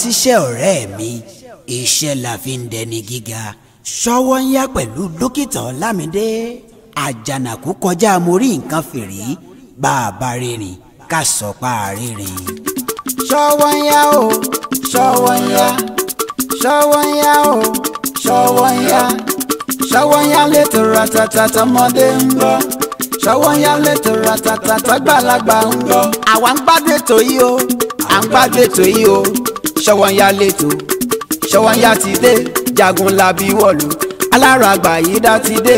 ṣiṣẹ́ ọ̀rẹ́ mi iṣẹ́ la fi ń dẹni gíga ṣọwọ́ ń yá pẹ̀lú dókítà ọlámídé àjànàkú kọjá mo rí nǹkan fìrí bá a bá rìnrìn ká sọ pa àrírìn. ṣọwọ́ ń yá o ṣọwọ́ ń yá ṣọwọ́ ń yá o ṣọwọ́ ń yá ṣọwọ́ ń yá létò ratata tọmọdé ń bọ̀ ṣọwọ́ ń yá létò ratata tọgbàlagbà ń bọ̀ àwa ń gbádùn ètò yìí o à ń gbádùn ètò yìí o ṣọwọ́nyá lẹ́tò ṣọwọ́nyá ti dé jagun labi wọ̀lú alára àgbàyídá ti dé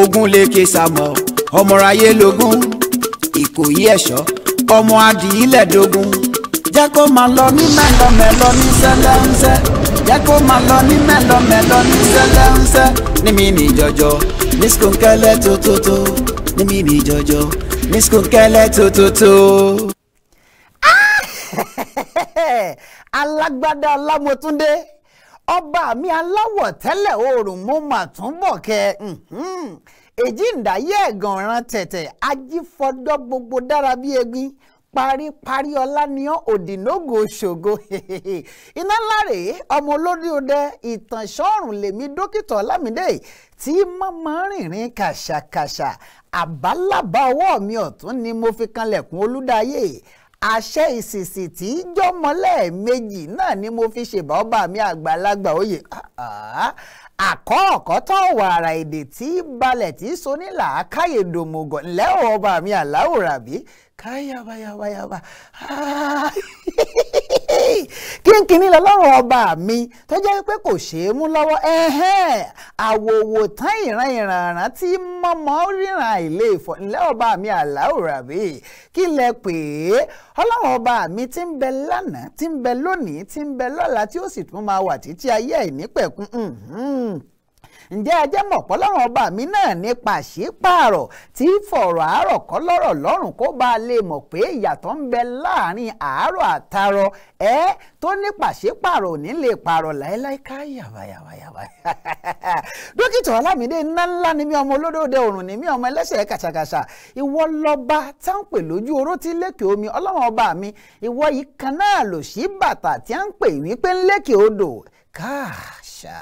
ogun lèkè sàmọ̀ ọmọráyé lógún ìkòyí ẹ̀ṣọ́ ọmọ adìyílẹ̀ dógún jẹ́ kó máa lọ ní mẹ́lọmẹ́lọ ní sẹ́lẹ̀ńsẹ́ jẹ́ kó máa lọ ní mẹ́lọmẹ́lọ ní sẹ́lẹ̀ńsẹ́ ni mi ní jọjọ ní skunkẹ́lẹ́ tótótó ní mi ni jọjọ ní skunkẹ́lẹ́ tótótó. alágbádá alámọ̀túndé ọba mi aláwọ̀ tẹ́lẹ̀ oòrùn mo mà tún bọ̀ kẹ́ èjì ǹdáyé ẹ̀gàn ran tẹ̀tẹ̀ ajífọdọ́ gbogbo dára bí egbin paríparí ọláníyàn òdìnógo ṣògo iná ńlá rèé ọmọ olórí ọdẹ ìtànṣọ́ọ̀rùn lèmi dókítà ọlámídé tí màmá rìnrìn kàṣàkàṣà àbálábá ọwọ́ mi ọ̀tún ni mo fi kanlẹ̀kùn olúdáyé àṣẹ ìsìsì tí í jọmọ lẹ́ẹ̀mejì náà ni mo fi ṣèbà ọba mi àgbàlagbà òye àkọ́ọ̀kọ́ tó wàrà èdè tí balẹ̀ tí sonílà káyè dòmùgọ̀ ńlẹ́ ọba mi àláwòrán bí káyàbáyàbáyàbá kínkínní lọ́lọ́run ọba mi tó jẹ́ pé kò ṣeé mú lọ́wọ́ àwòwò tán ìran ìrànràn tí mọ́mọ́ ríran àìlè ìfọ̀nlẹ́ ọba mi àláòrà mi kí lẹ pè é ọlọ́run ọba mi ti ń bẹ lánàá ti ń bẹ lónìí ti ń bẹ lọ́la tí ó sì tún máa wà títí ayé ẹ̀ nípẹ̀kún ǹjẹ́ ajẹ́ mọ̀ pọ́ lọ́rùn ọba mi náà ní pàṣípààrọ̀ tí fọ̀rọ̀ àárọ̀ kọ́ lọ́rọ̀ lọ́rùn kó bá a lè mọ̀ pé ìyàtọ̀ ń bẹ láàrin àárọ̀ àtarọ̀ ẹ́ tó ní pàṣípààrọ̀ ò ní lè pààrọ̀ láéláé yàwáyàwáyàwá. dókítà ọlámídé ńlá ni mí ọmọ olódòdó òrùn ni mí ọmọ ẹlẹ́sẹ̀ kàṣàkàṣà ìwọ lọ́ba tá ń pè lójú oró tí lékè omi ọlọ́run ọba mi ìwọ yìí kan náà lòṣì bàtà tí à ń pè wípé ń lékè odò káàṣà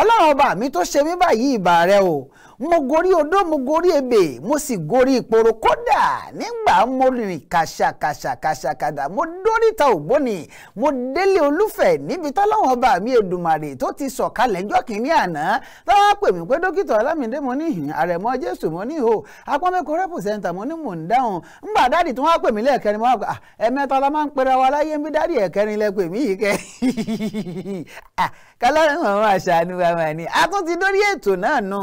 ọlọ́run ọba mi tó ṣe mí báyìí ìbà rẹ o mo gorí odó mo gorí ebè mo sì gorí ìporo kódà nígbà mo rìn kàṣàkàṣàkàṣàkàdà mo dóríta ògbóni mo délé olúfẹ̀ níbi tọ́lọ́wọ́n ọba mi Èdùmàrè tó ti sọ̀kalẹ̀ jọ́ kìíní àná tọ́wọ́ pè mí pé dókítà Ọlámídé mo ní ìhìn àrẹ̀mọ Jésù mo ní ìhò apọ́nmẹ́kọ rẹ́pùsẹ̀ntà mo ní mò ń dáhùn ńgbà dáàdì tí wọ́n pè mí lẹ́ẹ̀kẹrin mo wá pé ẹ̀mẹ́ta la máa ń pera wa láyé bí dáàdì ẹ̀kẹrin lẹ pè mí yìí kẹ́ kálọ́run àwọn àṣà ni wàá máa ní a tún ti dórí ètò náà nù.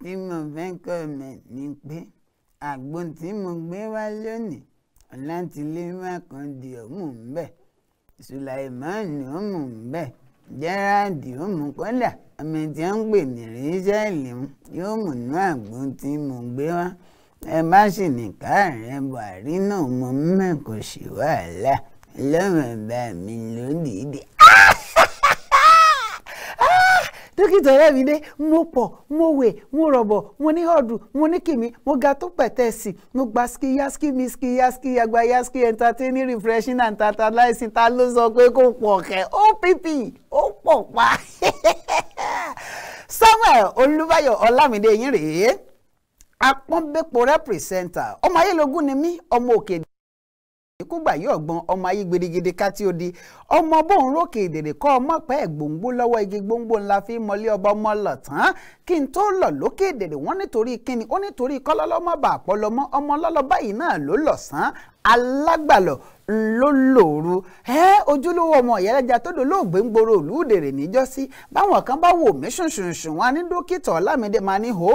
tí mo fẹ́ kọ́ mẹ̀ ni pé àgbo tí mo gbé wá lónìí ọ̀làtìlẹ́wà kan di òmù ń bẹ̀ sùlàìmánì òmù ń bẹ̀ jẹ́ráàdì òmù kọ́dà ọmọ tí wọ́n ń pè ní ríṣẹ́ẹ̀lì yóò mú inú àgbo tí mo gbé wá ẹ bá sì ní káàárẹ̀ buhari náà mo mẹ́kọ̀ọ́ sí wàhálà lọ́wọ́ bá mi lódìdí dókítà ọ̀rẹ́ mi dé mo pọ̀ mo wè mo rọ̀bọ̀ mo ní ọ̀dù mo ní kìmí mo ga tó pẹ̀tẹ́sì mo gba ski yaski miski yaski yagba yaski entertaining refreshing and tantalizing ta ló sọ pé kò pọ̀ kẹ́ ó pípì ó pọ̀ pa Samuel Olúbáyọ̀ Ọlámídé yín rèé apọ́nbẹ́pọ̀ rẹ́pìrìsẹ́ńtà ọmọ ayélujára ni mí ọmọ òkè ìkúgbà yìí ọ̀gbọ́n ọmọ ayé gidigidi ká tí ó di ọmọ bóun rókè èdèrè kọ́ ọmọ pẹ́ gbòǹgbò lọ́wọ́ igi gbòǹgbò ńlá fi mọ́lé ọba ọmọ lọ tán kí n tó lọ lókè èdèrè wọ́n nítorí kíni ó nítorí kọ́lọ́lọ́mọ́ bá àpọ̀lọmọ́ ọmọ lọ́lọ́ báyìí náà ló lọ sàn alágbàlọ́ lólòru ẹ ojúlówó ọmọ ìyálẹ́jà tó dolóògbé ń gbòòrò olùdèrè níjọ́sí báwọn kan bá wò mí ṣùnṣùnṣùn wọn ní dókítà ọlámídé máa ní hó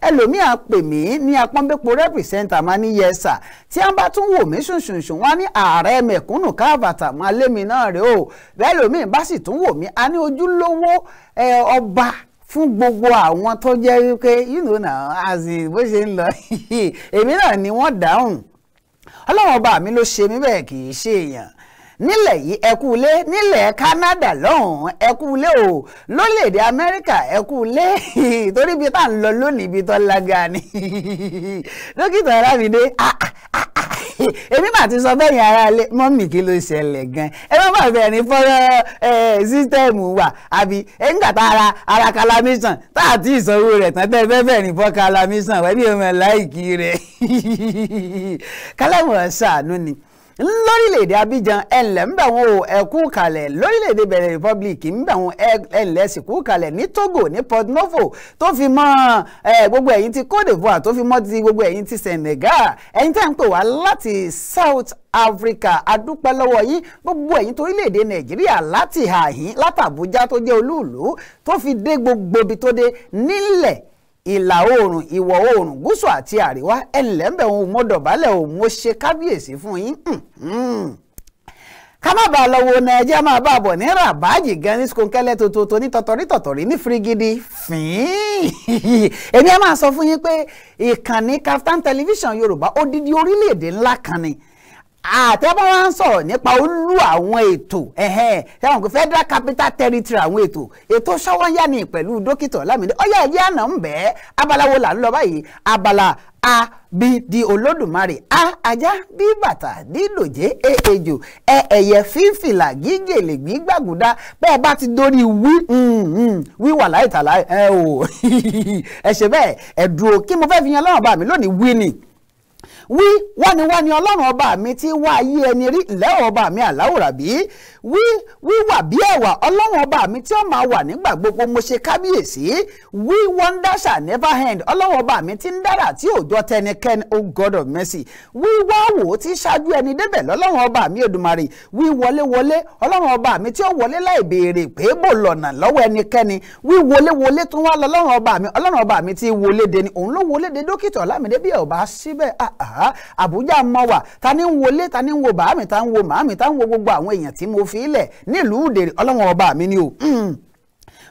ẹlòmíì á pè mí ní apọ́nbẹ́pọ̀ rẹ́pìrìsẹ́ńtà máa ní yẹsà tí wọ́n bá tún wò mí ṣùnṣùnṣùn wọn ní ààrẹ mẹ̀kúnnù káàbàtà máa lé mi náà rè o bẹ́ẹ̀ lòmíì bá sì tún wò mí á ní ojúlówó ọba fún gbogbo àwọn tó jẹ́ wípé you know now as in bó ṣe ń lọ èmi náà ni wọ́n dáhùn ọlọ́run ọba mi ló ṣe mí bẹ́ẹ̀ kì í ṣe èèyàn nílẹ̀ yìí ẹkúlé nílẹ̀ Canada lọ́hùn-ún ẹkúlé o lórílẹ̀‐èdè America ẹkúlé torí ibi tá à ń lọ lónìí ibi tó lága ni dókítà Ọlámídé èmi mà ti sọ bẹ́yìn ara lé mọ́mì kí ló ṣẹlẹ̀ gan ẹ má bà bẹ̀rẹ̀ ní fọ́rọ́ sísítẹ́ẹ̀mù wà àbí ẹ̀ńgà tá ara ara calamation tá à ti ìsanwó rẹ̀ tán tẹ́ fẹ́ bẹ̀rẹ̀ ní fọ́ calamation wẹ́bí ọmọ láìkí rẹ̀ kálámù ọ̀ṣà àánú ni lórílẹ̀‐èdè Abidjan ẹ̀ǹlẹ̀ ń bẹ̀ wọn o ẹ̀kú kalẹ̀ lórílẹ̀‐èdè Benin Republic ń bẹ̀ wọn ẹ̀ǹlẹ̀ sì kú kalẹ̀ ní Togo ní Port Novo tó fi mọ́ gbogbo ẹ̀yin ti Côte d'Ivoire tó fi mọ́ ti gbogbo ẹ̀yin ti Senegal ẹ̀yin tẹ́ ń pè wá láti South Africa adúpẹ́ lọ́wọ́ yín gbogbo ẹ̀yin torílẹ̀‐èdè Nàìjíríà láti àhín látàbújá tó jẹ́ olúùlú tó fi dé gbogbo ibi tó dé nílẹ̀ ìlà oòrùn ìwọ̀ oòrùn gúúsù àti àríwá ẹnlẹ́ ń bẹ̀ òun mo dọ̀bálẹ̀ òun mo ṣe kábíyèsí fún yín ká má bàa lọ wo nàìjíríà máa bá a bọ̀ ní rabaji ganis kónkẹ́lẹ́ tuntun tó ní tọ̀tọ̀rí tọ̀tọ̀rí ní firigidi fín-ín èmi ẹ máa sọ fún yín pé ìkànnì Kaftan television yorùbá odidi orílẹ̀-èdè ńlá kan ni àtẹ́bọ́ wa ń sọ̀rọ̀ nípa olú àwọn ètò ẹ̀hẹ́n pé federal capital territory àwọn ètò ètò Ṣọ́wọ́nyá ni pẹ̀lú dókítà Lámídé ọ̀yá ẹ̀jẹ̀ àná ń bẹ́ abala wo là ń lọ báyìí abala a b d olódùmarè a ajá b bàtà d dòjé e ejò ẹ e, ẹyẹ fífìlà gígèlè gbígbàgùdá bẹ́ẹ̀ bá ti dórí wí wíwà láìtàlá ẹ ò ẹ ṣe bẹ́ẹ̀ ẹ dúró kí mo fẹ́ fi yan lọ́wọ́ bá mi lónìí wí ni wí wániwáni ọlọ́run ọba mi ti wá ayé ẹni rí lẹ́wọ̀ ọba mi àláwòrán bíi wíwà bí ẹwà ọlọ́run ọba mi tí ó máa wà nígbà gbogbo mo ṣe kábíyèsí we wonder shall never end ọlọ́run ọba mi tí ń dára tí òòjọ́ tẹnikẹ́ni o oh God of mercy wíwá wò ó ti ṣáájú ẹni débẹ̀ lọ́lọ́run ọba mi wọlé ọlọ́run ọba mi tí ó wọlé láì béèrè pé bò lọ́wọ́ ẹnikẹ́ni wọlé ọba mi ti wọlé òun ló fi ilẹ̀ nílùú òdèrè ọlọ́run ọba mi ni o hmm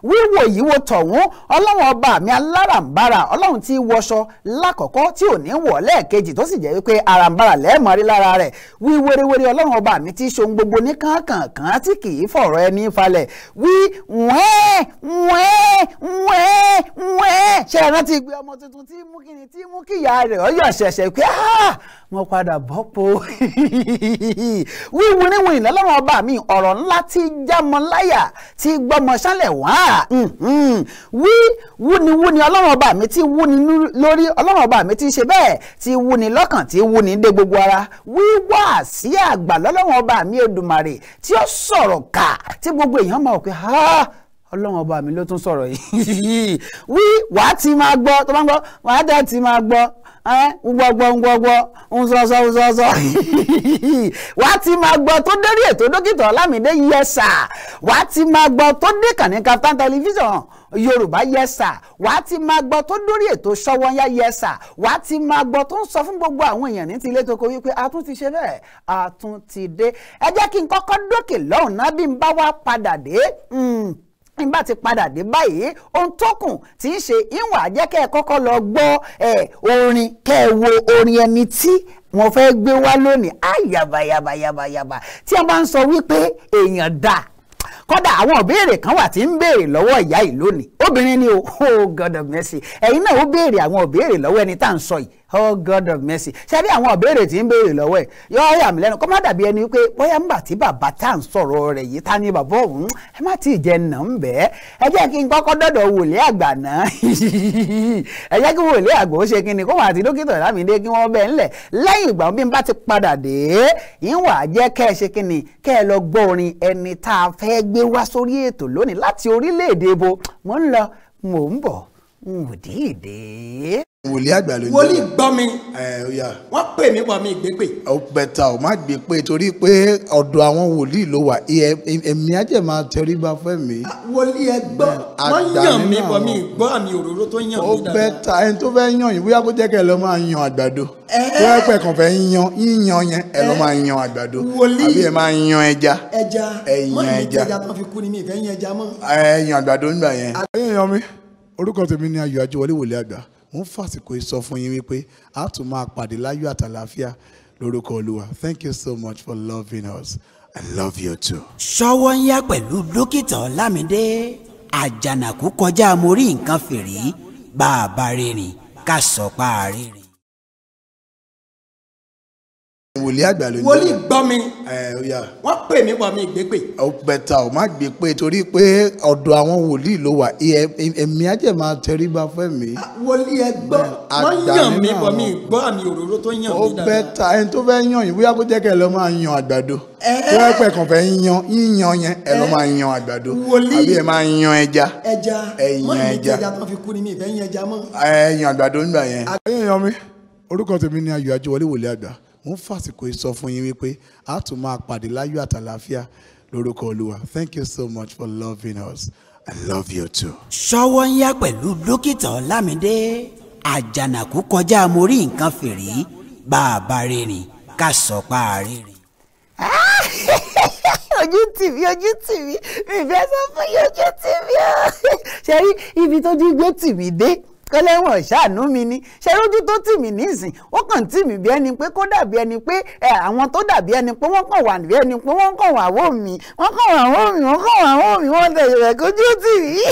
wíwò yìí wo tọ̀hún ọlọ́run ọba mi alárànbarà ọlọ́run tí wọṣọ lákọ̀ọ́kọ́ tí ò ní wọ̀ lẹ́ẹ̀kejì tó sì jẹ́ wípé arànbarà lẹ́ẹ̀mọ́ rí lára rẹ̀ wí wérewére ọlọ́run ọba mi tí ṣohun gbogbo ní kánkànkán tí kì í fọ̀rọ̀ ẹni falẹ̀ wí wẹ́ẹ́ wẹ́ẹ́ wẹ́ẹ́ wẹ́ẹ́ ṣe é rántí lọ́lọ́run ọba mi ọ̀rọ̀ ńlá tí jámọ́ láyà tí gbọ́mọ ṣánlẹ̀ wọ́n wí wúni wúni ọlọ́run ọba mi ti wúni lórí ọlọ́run ọba mi ti ṣe bẹ́ẹ̀ ti wúni lọ́kàn ti wúni dé gbogbo ara wíwá sí àgbà lọ́lọ́run ọba mi Èdùmàrè tí ó sọ̀rọ̀ ká tí gbogbo èèyàn máa wò pé ọlọ́run ọba mi ló tún sọ̀rọ̀ yìí wí wàá ti máa gbọ́ tó bá ń gbọ́ wàá dá ti máa gbọ́ ngbọgbọ ngbọgbọ nsọsọ nsọsọ wàá ti máa gbọ́ tó dérí ètò dókítà ọlámídé yẹsà wàá ti máa gbọ́ tó dé kàní Kaftan tẹlifíṣàn yorùbá yẹsà wàá ti máa gbọ́ tó dórí ètò Sówónyá yẹsà wàá ti máa gbọ́ tó ń sọ fún gbogbo àwọn èèyàn ní ti ilé toko wípé a tún ti ṣe bẹ́ẹ̀ a tún ti dé ẹ jẹ́ kí n kọ́kọ́ dókè lọ́hùn-ún náà bí n bá wá padà dé. Hmm nígbà tí padà dé báyìí ohun tó kù tí ń ṣe ìwà jẹ́ kẹ́ ẹ kọ́kọ́ lọ gbọ́ orin kẹ́ ẹ wo orin ẹni tí wọ́n fẹ́ gbé wá lónìí á yàbàyàbàyàbàyàbà tí a bá ń sọ wípé èèyàn dà kódà àwọn ìbéèrè kan wà tí ń béèrè lọ́wọ́ ìyá yìí lónìí obìnrin ni o oh God of mercy ẹ̀yin náà ó béèrè àwọn ìbéèrè lọ́wọ́ ẹni tá à ń sọ yìí oh God of mercy ṣebí àwọn ìbéèrè tí ń béèrè lọ́wọ́ ẹ̀ yọ ọ̀yà mi lẹ́nu kó má dàbí ẹni pé bóyá ńgbà tí bàbá tá à ń sọ̀rọ̀ rẹ̀ yìí ta ni bàbá òun ẹ má tí ì jẹ nà ń bẹ́ẹ̀ ẹ jẹ́ kí n kọ́kọ́ dọ̀dọ̀ wòlé àgbà náà ẹ jẹ́ kí wòlé àgbà ó ṣe kí ni kó wọn àti dókítà lámìdé kí wọ́n bẹ́ẹ̀ ńlẹ̀ lẹ́yìn ìgbà bí n bá ti padà dé ìwà jẹ́ kẹ́ ẹ ṣe kí ni kẹ́ ẹ lọ gbọ́ orin ẹni tá a fẹ́ gbé wá sórí ètò lónìí láti orílẹ̀-èdè bo mo ń lọ mo ń bọ̀ n ò wòlíì àgbà ló ń jẹ́ wòlíì gbọ́ mi wọ́n pè mí wọ́n mi gbé pè. ó bẹ̀tà ó má gbé pé torí pé ọ̀dọ̀ àwọn wòlíì ló wà èmi ajẹ́ máa tẹrí bá fẹ́ mi. Ah, wòlíì ẹ gbọ́ wọ́n yàn mí wọ́n mi gbọ́ àmì òróró tó yàn mí dáadáa. ó bẹ̀tà ẹni tó fẹ́ yàn yín bóyá kó jẹ́ kẹ́ ẹ lọ máa yan àgbàdo eh. tó ẹ pẹ̀ kàn fẹ́ yan yíyan yẹn ẹ lọ eh. máa yan àgbàdo àbí ẹ máa yan ẹja ẹ yan ẹja orúkọ tèmi ni Ayọ̀ Ajíwọlé wòlíì àgbà ń fàsìkò ìsọfún yín wípé a tún máa pàdé láyọ̀ àtàlàáfíà lórúkọ olúwa thank you so much for loving us i love you too. ṣọwọ́ ń yá pẹ̀lú dókítà ọlámídé àjànàkú kọjá mo rí nǹkan fìrí bá rìnrìn ká sọ pa àárín wòlíì àgbà ló ń jẹ́ wòlíì gbọ́ mi wọ́n pè mí wọ́n mi gbé pè. ó bẹ̀tà ó má gbé pé torí pé ọ̀dọ̀ àwọn wòlíì ló wà èmi á jẹ́ máa tẹríba fẹ́ mi. Ah, wòlíì ẹ gbọ́ wọ́n yàn mí wọ́n mi gbọ́ àmì òróró tó yàn mí dáadáa. ó bẹ̀tà ẹni tó fẹ́ yàn yín bóyá kó jẹ́ kẹ́ ẹ lọ máa yan àgbàdo tó ẹ pẹ̀ kàn fẹ́ yan yíyan yẹn ẹ lọ máa yan àgbàdo àbí ẹ máa yan ẹja ni mi ìfẹ́ yan ẹja mọ́. ẹ yan ń fàsìkò ìsọfún wípé a tún máa pàdé láyọ̀ àtàlàáfíà lórúkọ olúwa thank you so much for loving us i love you too. ṣọwọ́ ń yá pẹ̀lú dókítà ọlámídé àjànàkú kọjá mo nǹkan fèrè bá rìnrìn ká sọ pa ojú tìmí ojú tìmí mi sọ fún yín ojú tìmí ṣe rí ibi tó dín gbé tìmí dé kọ́lẹ́wọ̀n ṣàánú mi ni ṣe lójú tó tì mí nísìn wọ́n kàn tì mí bí ẹni pé kó dàbí ẹni pé àwọn tó dàbí ẹni pé wọ́n kàn wà bí ẹni pé wọ́n kàn wà wó mi wọ́n kàn wà wó mi wọ́n kàn wà wó mi wọ́n tẹ̀ yẹ̀rẹ̀ kójú tì mí.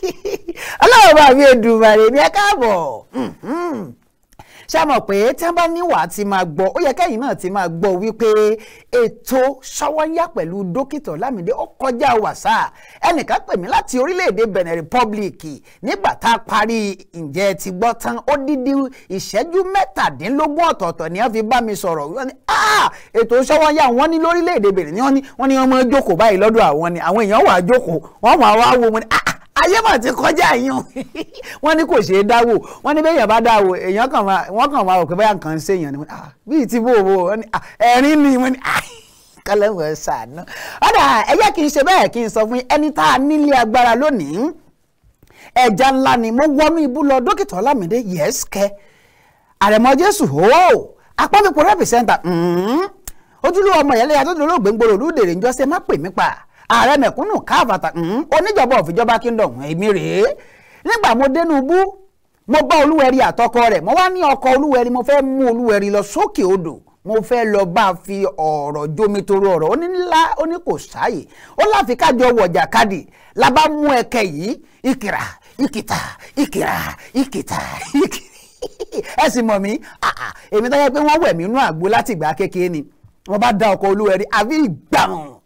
ọlọ́run bá mi Èdùmàrè ni ẹ káàbọ̀. Hmm, hmm ṣá mọ̀ pé tí wọ́n bá níwà ti máa gbọ́ ó yẹ kẹ́yìn náà ti máa gbọ́ wípé ètò ṣọwọ́yà pẹ̀lú dókítà Lámìdé ó kọjá wàsá ẹnìkan pè mí láti orílẹ̀-èdè Benin Republic nígbà tá a parí ǹjẹ́ ti gbọ́ tán ó dídí ìṣẹ́jú mẹ́tàdínlógún ọ̀tọ̀ọ̀tọ̀ ni wọ́n fi bá mi sọ̀rọ̀ wọ́n ní ah, ètò ṣọwọ́yà wọ́n ní lórílẹ̀-èdè Benin wọ́n ní wọ́n máa jókòó báyìí lọ́dọ̀ àwọn ni wọ́n máa ayé mà ti kọjá yín wọ́n ní kò ṣeé dáwò wọ́n ní bẹ́ẹ̀yàn bá dáwò èèyàn kàn máa wọ́n kàn máa rò pé báyà nǹkan ń ṣèyàn ni ah, wọ́n bíi ti bò wò ẹ̀rín ni wọ́n ní ah, kọ́lẹ́wọ̀ ṣàánú. ọ̀dà ẹ̀yẹ́ kì í ṣe bẹ́ẹ̀ kì í sọ fún ẹni tá a nílé agbára lónìí ẹja ńlá ni mo wọnú ibú lọ dókítà ọlámídé yẹ́sìkẹ́ àrẹ̀mọ jésù hóó apá mi kò rẹ́pì sẹ́ńtà mm-hmm. ojúlówó ọmọ ìyálẹ́yà tó dolóògbé ń gbòòrò lóde rè ń jọ́ sẹ́ má pè mí pa ààrẹ mẹ̀kúnnù káàbàtà hmm, oníjọba òfìjọba kingdom èmi rèé nígbà mo dénú bú mo bá olúwẹ̀rí àtọkọ rẹ̀ mo wá ní ọkọ olúwẹ̀rí mo fẹ́ mú olúwẹ̀rí lọ sókè odò mo fẹ́ lọ bá a fi ọ̀rọ̀ jomi toro ọ̀rọ̀ ó ní ńlá ó ní kò sáàyè ó láfi kájọ wọ̀jà kadì la bá mú ẹkẹ yìí ìkìrà ìkìtà ìkìrà ìkìtà ìkìrà ẹ sì mọ̀ mí èmi tó yẹ pé wọ́n wẹ̀ mí nú àgbo láti ìgbà kékeré ni wọ́n bá da ọkọ̀ olúwẹ̀rí àbí ìgbàhùn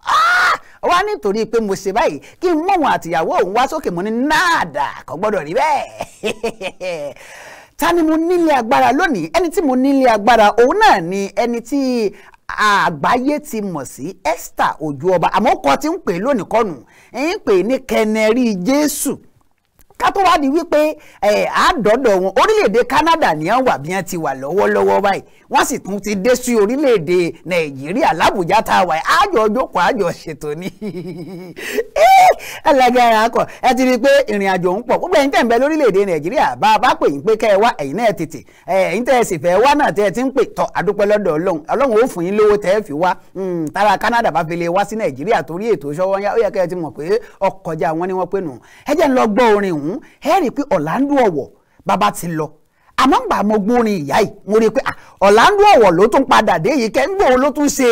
wá nítorí pé mo ṣe báyìí kí n mọ̀wọ̀n àtìyàwó òun wá sókè mo ní náàdà kò gbọ́dọ̀ rí bẹ́ẹ̀ ta ni mo nílé agbára lónìí ẹni tí mo nílé agbára òun náà ni ẹni tí àgbáyé ti mọ̀ sí Esther Ojúọba àmọ́ kọ́ ti ń pè lónìí kọ́nù ń pè ní kẹnẹrí Jésù ká tó wá di wípé àádọ́dọ̀ wọn orílẹ̀-èdè Canada ní àwọn wà bí wọ́n ti wà lọ́wọ́lọ́wọ́ báyìí wọ́n sì tún ti dé sí orílẹ̀-èdè Nàìjíríà l'Àbújá tá a wà yìí àjọ ojókòó àjọ ṣètò ni ẹlẹgẹrẹ eh, akọ ẹ ti rí i pé ìrìn àjò ń pọ̀ gbogbo ẹ̀yin tẹ̀ ń bẹ lórílẹ̀-èdè Nàìjíríà bá a bá pè yín pé kẹ́ ẹ̀yin náà tètè ẹ̀yin tẹ̀ sì fẹ́ wá náà tẹ́ ẹ ti ń pè tọ́ àdúpẹ́ lọ́dọ̀ Ọlọ́run Ọlọ́run ó fún yín lówó tẹ́ ẹ fi wá hmm, tara Canada bá fi lè wá sí Nàìjíríà torí ètò ìṣọwọ́nyá ó yẹ kẹ́ ẹ ti mọ̀ pé ọkọjá wọn ni wọ́n pè nù ẹ jẹ́ ń lọ gbọ́ orin òun ọ̀hún ẹ rí i pé Ọ̀làǹdó Ọ̀wọ̀ bàbá ti lọ àmọ́ ń gbà mọ gbórin ìyá yìí mo rí i pé Ọ̀làǹdó Ọ̀wọ̀ ló tún padà dé yìí kẹ́ńgbò ló tún ṣe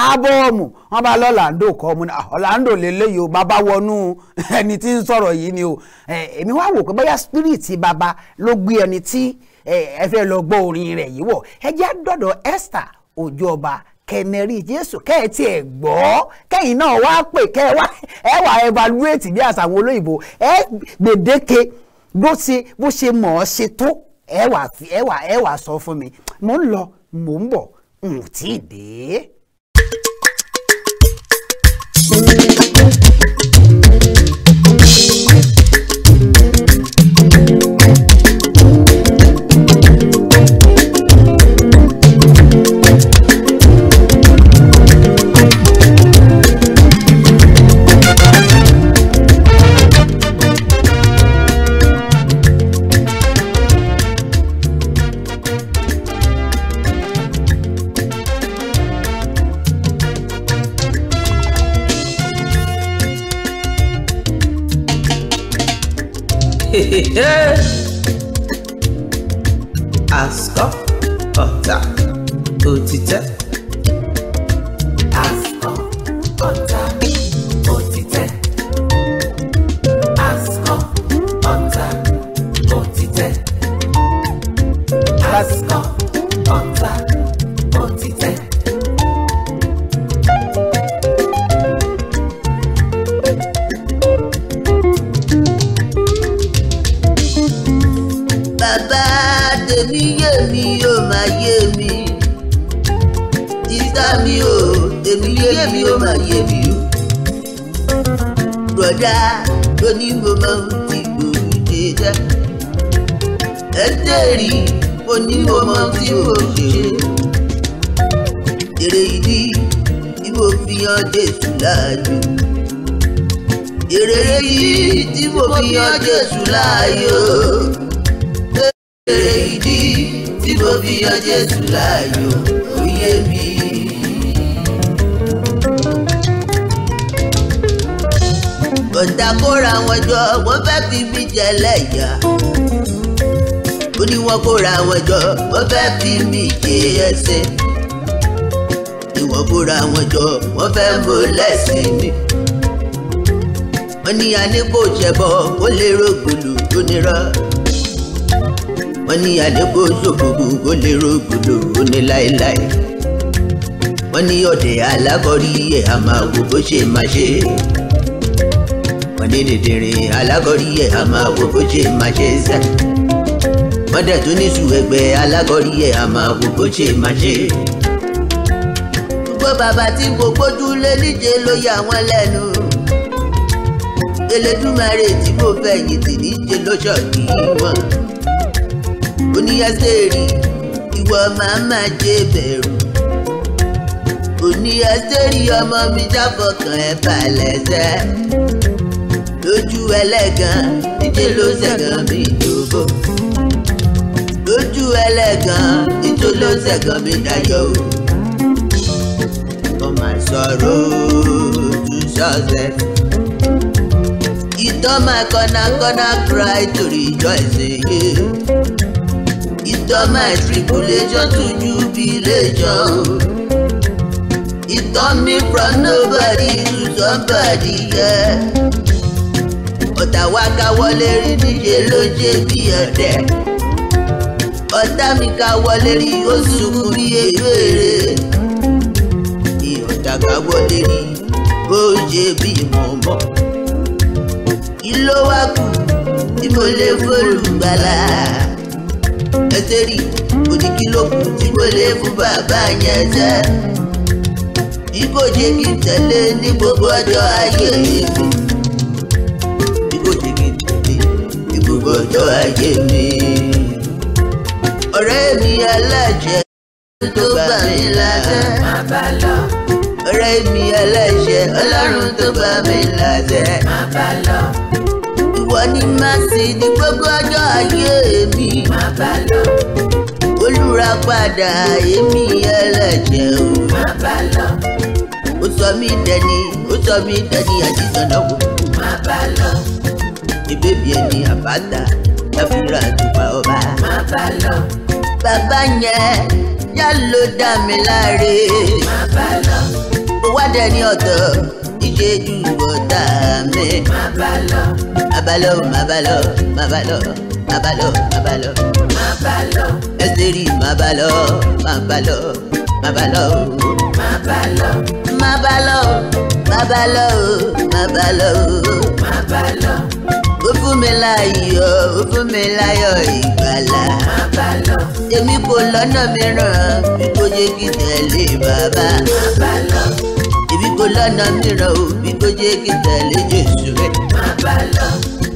ábọ́ọ̀mù wọn bá lọ́làǹdó kọ́ ọmọ náà Ọ̀làǹdó lélẹ́yìí o bàbá wọnú ẹni tí ń sọ̀rọ̀ yìí ni o èmi wá wò pé bóyá spirit bàbá ló gbé ẹni tí ẹ fẹ́ lọ gbọ́ orin rẹ̀ yìí wọ̀ ẹ jẹ́ dọ̀dọ̀ Esther Ojooba kẹmẹrí jésù kẹẹtì ẹ gbọ́ kẹyìn náà wá pè kẹ wá ẹ wà evaluate bí àṣà àwọn olóyìnbó ẹ gbèdéke bó ṣe bó ṣe mọ̀ ọ́ ṣe tó ẹ wà ẹ wà ẹ wà sọ fún mi mò ń lọ mò ń bọ̀ n ò tí ì dé. Ask Ascop ọ̀tà òtítẹ́. tèmi yé mi ó máa yé mi títà mi ó tèmi yé mi ó máa yé mi ó bùrọ̀dá onímọ̀ máa ń fi gbòòrò dé dá ẹ̀ńtẹ̀rì onímọ̀ máa ń fi mò ṣe èrè ìdí tí mo fi hàn Jésù láàyò èrè yìí tí mo fi hàn Jésù láàyò èrè ìdí tí mo fi yọ Jésù láàyò ó yé mi. ọ̀tá kóra wọn jọ wọ́n fẹ́ fi mí jẹ lẹ́yà. ó ní wọ́n kóra wọn jọ wọ́n fẹ́ fi mí jẹ ẹsẹ̀. ìwọ̀n kóra wọn jọ wọ́n fẹ́ mú lẹ́sìn mi. wọ́n ní a ní kó lè rògbòlù tó nira wọ́n ní àdékò ṣòkòkò kó lè rògbòdò ó ní láéláé wọ́n ní ọ̀dẹ̀ alákọ̀rí ẹ̀ a máa wo bó ṣe máa ṣe wọ́n ní dèdèrè alákọ̀rí ẹ̀ a máa wo bó ṣe máa ṣe sẹ́ wọ́n dẹ̀ tún ní sùwẹ̀gbẹ́ alákọ̀rí ẹ̀ a máa wo bó ṣe máa ṣe gbogbo bàbá tí kò gbójúlé níje ló yà wọ́n lẹ́nu. Elédùmarè tí kò fẹ̀yìntì níje ló ṣọ̀dí wọn oníyàtẹ̀rì ìwọ màmá jẹ́ bẹ̀rù oníyàtẹ̀rì ọmọ mi jáfọkàn ẹ̀ balẹ̀ sẹ́ lójú ẹlẹ́gàn níjẹ́ ló ṣẹ̀gàn mi dòbò lójú ẹlẹ́gàn níjẹ́ ló ṣẹ̀gàn mi dayọ̀ o ọmọ àìsọ̀rọ̀ tún ṣọ́ọ̀ṣẹ́ ìtọ́ máa kọ́nà kọ́nà cry to rejoice. Yeah. Ido my tribulation to jubilation. It turned me from nobody to somebody, yeah. Ọ̀tá wa káwọlé rí níṣe ló ṣe bí ọ̀dẹ̀. Ọ̀tá mi káwọlé rí ó sunkún bí ewéèrè. Ìyọ̀tá káwọlé rí ó ṣe bí mọ̀mọ́. Kí tí mo lè fọ́lùgbàlà? ẹtẹ́rì òdìkílòkù tí kò lè fún bàbá yẹn ṣẹ́ bí jẹ́ kí n tẹ̀lé ní gbogbo ọjọ́ ayé mi bí kò jẹ́ kí n tẹ̀lé ní gbogbo ọjọ́ ayé mi ọ̀rẹ́ mi alájẹ tó gbà mí lájẹ ọ̀rẹ́ mi alájẹ ọlọ́run tó gbà mí lájẹ ìwọ ni máa sì di gbogbo ọjọ́ ayé mi. má bá lọ. olùràpadà èmi ẹlẹ́jẹ̀ o. má bá lọ. ó sọ mí dẹni ó sọ mí dẹni àjíṣọ́nà wò. má bá lọ. ìbébí ẹni àbáta ẹ̀fúnra àtùpà ọba. má bá lọ. bàbá yẹn yá ló dá mi láre. má bá lọ. ó wá ọ̀tọ̀ ìṣẹ́jú ọ̀tá mi. má bá lọ. má bá lọ má bá lọ má bá lọ má bá lọ má bá lọ. má bá lọ. ẹsẹ̀ rí má bá lọ má bá lọ má bá lọ. má bá lọ. má bá lọ má bá lọ má bá lọ. má bá lọ. ó fún mi láyọ̀ ó fún mi láyọ̀ ìgbàlà. má bá lọ. èmi kò lọ́nà mìíràn bí kò yẹ kí tẹ̀lé bàbá. má bá lọ bí kò lọ́nà mìíràn o bí kò jẹ́ kí tẹ̀lé Jésù rẹ̀. má bá lọ.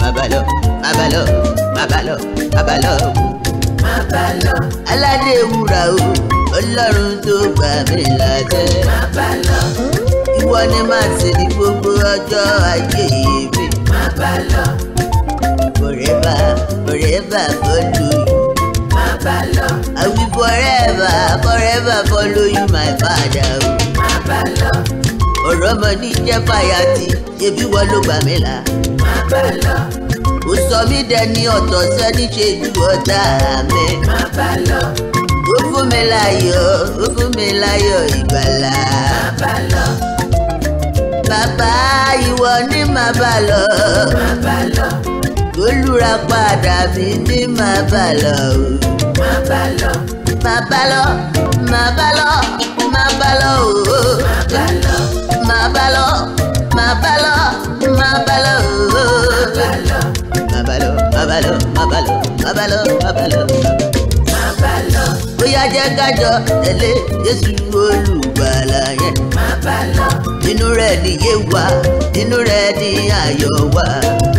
má bá lọ má bá lọ má bá lọ má bá lọ. aládé wúrà o ọlọ́run tó gbà mí láṣẹ. má bá lọ. ìwọ ni màá ṣe ní gbogbo ọjọ́ ayé mi. má bá lọ. forever forever follow you. má bá lọ. I will forever forever follow you my father. má bá lọ ọ̀rọ̀ mọ ní jẹ́ fàyàtì ṣebí wọ́n ló gbà mí là. má bàa sọ mí dẹni ọ̀tọ̀ sẹ́ni ṣe ju ọ̀tá mi. má ó fún mi láyọ̀ ó fún mi láyọ̀ ìgbàlà. má bàbá ìwọ ni má bàa lọ. má bàa lọ. olùra padà mi ni má bàa lọ. má bàa lọ. má bàa lọ. má bàa máa bá lọ máa bá lọ máa bá lọ máa bá lọ máa bá lọ máa bá lọ máa bá lọ máa bá lọ máa bá lọ. bóyá jẹ́ kájọ tẹ̀lé Jésù olùgbàlà yẹn. máa bá lọ. inú rẹ̀ nìyé wa inú rẹ̀ ní ayọ̀ wa.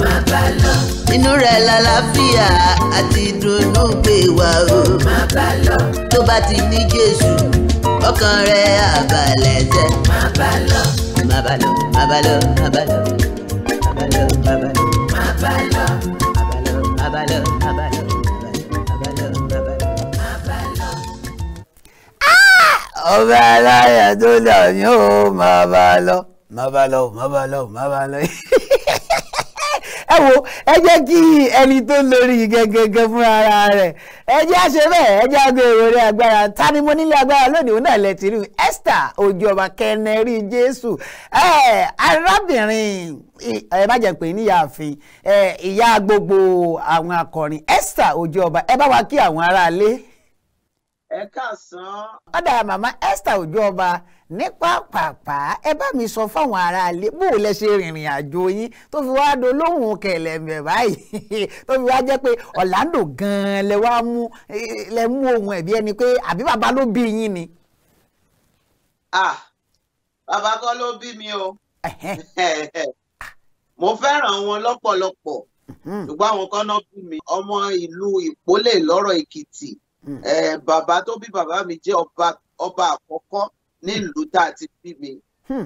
máa bá lọ inú rẹ̀ lálàáfíà àti ìdùnnú gbé wa o. má bá lọ. tó bá ti ní Jésù ọkàn rẹ̀ àbàlẹ̀ jẹ́. má bà lọ. má bà lọ má bà lọ má bà lọ ọba aláya tó dà ní ó má bà lọ má ẹ wo ẹ jẹ́ kí ẹni tó lórí gẹ́gẹ́gẹ́ fún ara rẹ̀ ẹ jẹ́ àṣẹ bẹ́ẹ̀ ẹ jẹ́ àgọ́ èrò rẹ̀ agbára ta ni mo nílé agbára lónìí òun náà lẹ ti rí Esther Ojúọba Kẹnẹrí Jésù arábìnrin ẹ má jẹ́ pé níyàáfin ìyá gbogbo àwọn akọrin Esther Ojúọba ẹ bá wa kí àwọn ẹ káàsán. ọ̀dà màmá Esther Ojooba ní pàápàá ẹ bá mi sọ fáwọn aráalé bó o lẹ ṣe rìnrìn àjò yín tó fi wá dolóhùn kẹlẹ̀mẹ̀ báyìí tó fi wá jẹ́ pé Orlando gan-an lẹ wá mú lẹ mú ohun ẹ̀bí ẹni pé àbí bàbá ló bí yín ni. ah bàbá kọ́ ló bí mi o mo fẹ́ràn wọn lọ́pọ̀lọpọ̀ ṣùgbọ́n àwọn kan náà bí mi ọmọ ìlú Ìpólè lọ́rọ̀ Èkìtì. Hmm. bàbá tó bí bàbá mi jẹ́ ọba ọba àkọ́kọ́ nílùú tá a ti bí mi hmm.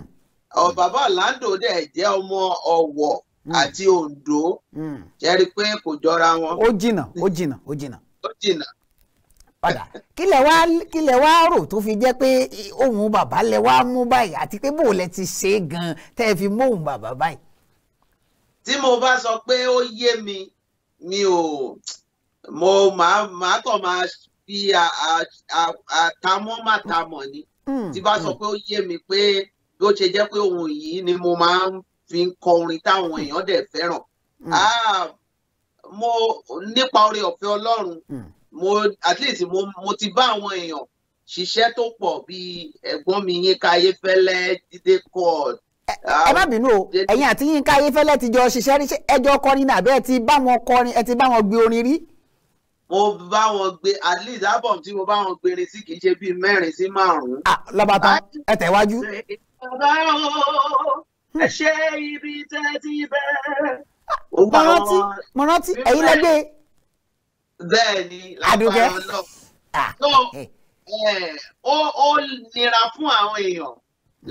bàbá Orlando dẹ̀ jẹ́ ọmọ Ọ̀wọ̀ hmm. àti Oǹdó jẹ́ rí pé kò jọra wọn. ó jìnnà ó jìnnà ó jìnnà. ó jìnnà padà kílẹ̀ wá kílẹ̀ wá rò tó fi jẹ́ pé ohùn bàbá lẹ wá mú báyìí àti pé bò lẹ ti ṣe é gan-an tẹ́ ẹ fi móhùn bàbá báyìí. tí mo bá sọ pé ó yé mi mi ò mo máa máa tọ̀ máa fi àtàmọ́ máa tamọ̀ ni hmm. tí bá sọ pé ó yé mi pé bí ó ṣe jẹ́ pé ohun yìí ni mo máa ń fi kọ orin táwọn èèyàn dẹ̀ fẹ́ràn hmm. mo nípa oore ọ̀fẹ́ Ọlọ́run hmm. mo at least mo mo ti bá àwọn èèyàn ṣiṣẹ́ tó pọ̀ bíi ẹ̀gbọ́n mi Yínká Ayéfẹ́lẹ́ Jídé Kọ́ọ̀d ẹ má um, bínú o ẹ̀yin àti Yínká Ayéfẹ́lẹ́ ti jọ ṣiṣẹ́ rí ẹjọ́ kọrin náà bẹ́ẹ̀ ti bá wọn kọrin ẹ ti bá wọn gbé orin rí mo bá wọn gbé at least album tí mo bá wọn gbé ni sí kì í ṣe bíi mẹ́rin sí márùn-ún. Ah, lábàtà ẹ tẹ̀wájú. ẹ ṣe ibi tẹ́ ti bẹ̀rẹ̀. mo rántí mo rántí ẹ̀yin lẹ́gbẹ̀ẹ́. bẹ́ẹ̀ ni lágbára náà ah, eh. ó ó nira fún àwọn èèyàn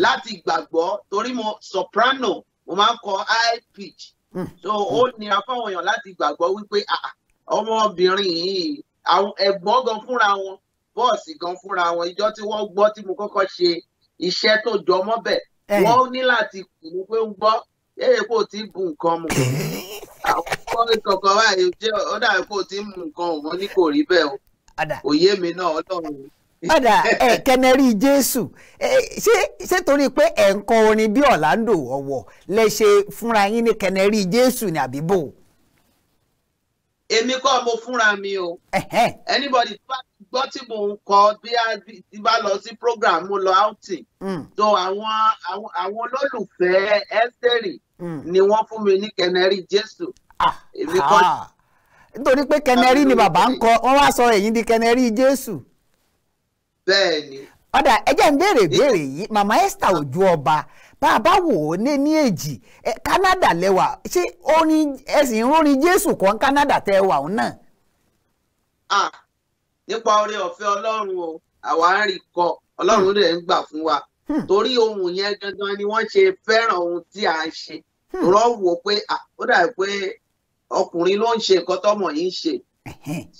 láti gbàgbọ́ torí mo soprano mo máa ń kọ high pitch hmm, so ó hmm. nira fún àwọn èèyàn láti gbàgbọ́ wípé ah ọmọbìnrin yìí ẹ̀gbọ́n gan fúnra wọn bọ́ọ̀sì gan fúnra wọn ìjọ tí wọ́n gbọ́ tí mo kọ́kọ́ ṣe iṣẹ́ tó jọ mọ́ bẹ̀ wọ́n ní láti kùnú pé ń gbọ́ yẹ́yẹ́ kò tí ì bu nǹkan mu àwọn ìkọ̀kọ̀ báyìí jẹ́ ọ̀dà kò tí ì mu nǹkan mu ní kò rí bẹ́ẹ̀ o òye mi náà ọlọ́run padà ẹ kẹnẹrí jésù ṣé ṣé torí pé ẹ̀ ń kọ orin bí Orlando ọ̀wọ̀ lẹ ṣe fúnra yín ní kẹnẹrí jésù ní àbíbò èmi kọ́ mo fúnra mi o anybody tó bá gbọ́ tí mò ń kọ bí a ti bá lọ sí program mo lọ outing mm. so àwọn àwọn olólùfẹ́ ẹ́sítẹ́rì mm. ni wọ́n fún mi ní kẹnẹ́rì jésù ah, èmi kọ́ ah. nítorí pé kẹnẹ́rì ni bàbá ń kọ wọ́n wá sọ èyí di kẹnẹ́rì jésù. bẹ́ẹ̀ni. ọ̀dà ẹ jẹ́ ń béèrè ìbéèrè yìí màmá Esther Ojúọba. Yeah bá wo bá wò ó lé ní èjì Canada lẹ́wà ṣé orin ẹ̀sìn ìrórin Jésù kan Canada tẹ́ wà ó náà. ah nípa oore ọ̀fẹ́ Ọlọ́run o àwa ń rí kọ Ọlọ́run rẹ̀ ń gbà fún wa hmm. torí ohun yẹn gangan ni wọ́n ṣe fẹ́ràn ohun tí a ń ṣe hmm. rọ́wọ́ pé ó dàbí pé ọkùnrin ló ń ṣe nǹkan tọ́mọ yìí ń ṣe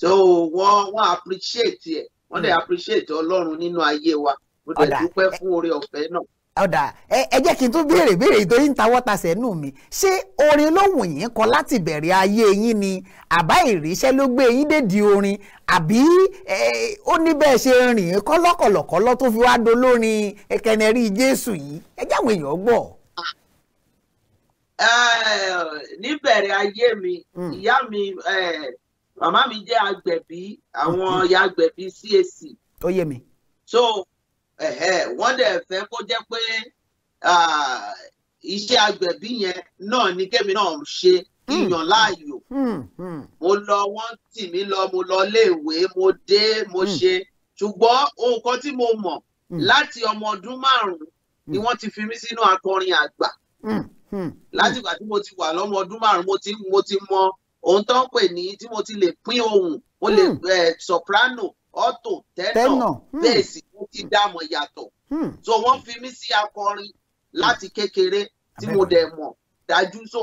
so wọ́n wọ́n appreciate ẹ̀ wọ́n dẹ̀ hmm. appreciate Ọlọ́run nínú ayé wa mo dẹ̀ dúpẹ́ fún oore ọ̀fẹ́ náà ọ̀dà ẹ jẹ́ kí n tún béèrè béèrè ìtorí ń ta wọ́tasẹ̀ nù mí ṣé orin lóhùn yín kọ láti bẹ̀rẹ̀ ayé yín ni àbá ìríṣẹ́ ló gbé yín dèdí orin àbí ó ní bẹ́ẹ̀ ṣe rìn kọ́lọ́kọ̀lọ́kọ́lọ́ tó fi wá dolórin kẹnẹrí Jésù yìí ẹ jẹ́ àwọn èèyàn gbọ́. níbẹ̀rẹ̀ ayé mi hmm. ìyá mi màmá mi jẹ́ agbẹ̀bí àwọn ọ̀yà hmm. agbẹ̀bí CAC. ó yé mi. so wọ́n dẹ̀ fẹ́ kó jẹ́ pé iṣẹ́ agbẹ̀bí yẹn náà ni kémi náà ṣe hmm. yíyan láàyò hmm, hmm. mo lọ wọ́n tì mí lọ mo lọ léèwé mo dé mo ṣe ṣùgbọ́n ohun kan tí mo mọ̀ láti ọmọ ọdún márùn-ún ni wọ́n ti fi mí sínú akọrin àgbà látìgbà tí mo ti wà lọ́mọ ọdún márùn-ún mo ti mọ ohun tó ń pè ní tí mo ti lè pín ohùn mo lè soprano ọ̀tò tẹ́nà hmm. bẹ́ẹ̀ sì wọ́n ti dá mọ̀ yàtọ̀ hmm. so wọ́n fi mí sí akọrin láti kékeré tí mo dẹ̀ mọ̀ dájú so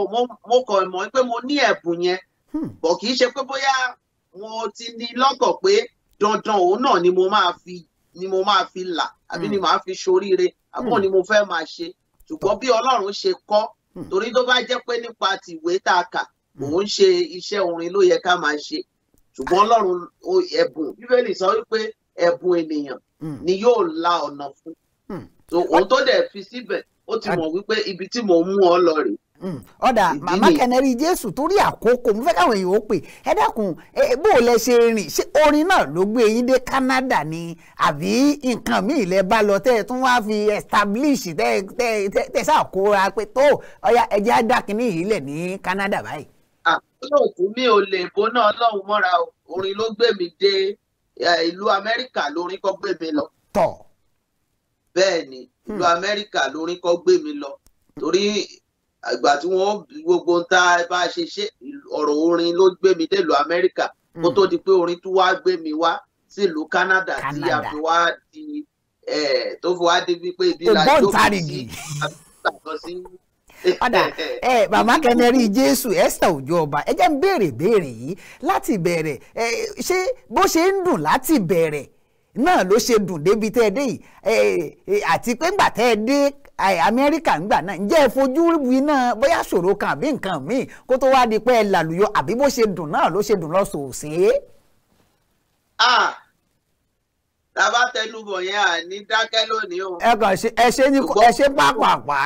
mo kọ̀ mọ̀ pé mo ní ẹ̀bùn yẹn hmm. bọ̀ kì í ṣe pé bóyá mo ti ní lọ́kàn pé dandan òun náà ni mo máa fi ni mo máa fi là àbí ni màá fi ṣoríire àbọ̀ ni mo fẹ́ máa ṣe ṣùgbọ́n bí Ọlọ́run ṣe kọ́ torí tó bá jẹ́ pé nípa tìwé tá a kà òun ṣe iṣẹ́ orin ló yẹ ká máa ṣe ṣùgbọ́n ọlọ́run ẹ̀bùn bíbélì sọ wípé ẹ̀bùn ènìyàn hmm. ni yóò la ọ̀nà fún òun hmm. tó dẹ̀ fi síbẹ̀ ó ti mọ̀ wípé ibi tí mò ń mú ọ lọ rèé hmm. ọ̀dà màmá kẹnẹrí jésù torí àkókò mo fẹ́ káwọn èèyàn ó pè ẹ dákun bó o lẹ ṣe rìn ṣé orin náà ló gbé yín dé Canada ni àbí nǹkan míì lẹ bá lọ tẹ́ ẹ tún wá fi establish tẹ́ ẹ tẹ́ ẹ tẹ́ pé tó ọ̀ya ẹ̀jẹ̀ á dá ní Canada báyìí olóòtú mi ò lè bó náà ọlọ́run mọ́ra orin ló gbé mi dé ìlú amẹ́ríkà lórin kọ́ gbé mi lọ. tọ. bẹ́ẹ̀ ni hmm. ìlú amẹ́ríkà lórin kọ́ gbé mi lọ torí àgbà tí wọ́n gbogbo ń ta bá a ṣe ṣe ọ̀rọ̀ orin ló gbé mi dé ìlú amẹ́ríkà kó hmm. tó di pé orin tún wá gbé mi wá sí ìlú canada tí a fi wá di tó fi wá di wípé ibi la jókòó sí àbí ìgbàgbọ́ sí padà ẹ màmá kẹnẹrí jésù ẹsẹ òjò ọba ẹ jẹ́ ń béèrè béèrè yìí láti bẹ̀rẹ̀ ẹ ṣé bó ṣe ń dùn láti bẹ̀rẹ̀ náà ló ṣe dùn débi tẹ́ ẹ dé yìí àti pé ńgbà tẹ́ ẹ dé amẹ́ríkà ńgbà náà ǹjẹ́ ẹ fojú wi náà bóyá ṣòro kan àbí nǹkan míì kó tó wá di pé ẹ làlùyọ àbí bó ṣe dùn náà ló ṣe dùn lọ́sọ̀ọ̀sẹ̀. ah tábà tẹnubọ̀ yẹn à ní dákẹ́ lónìí o. ẹ kàn ṣe ẹ ṣe ní ẹ ṣe pàpàpà.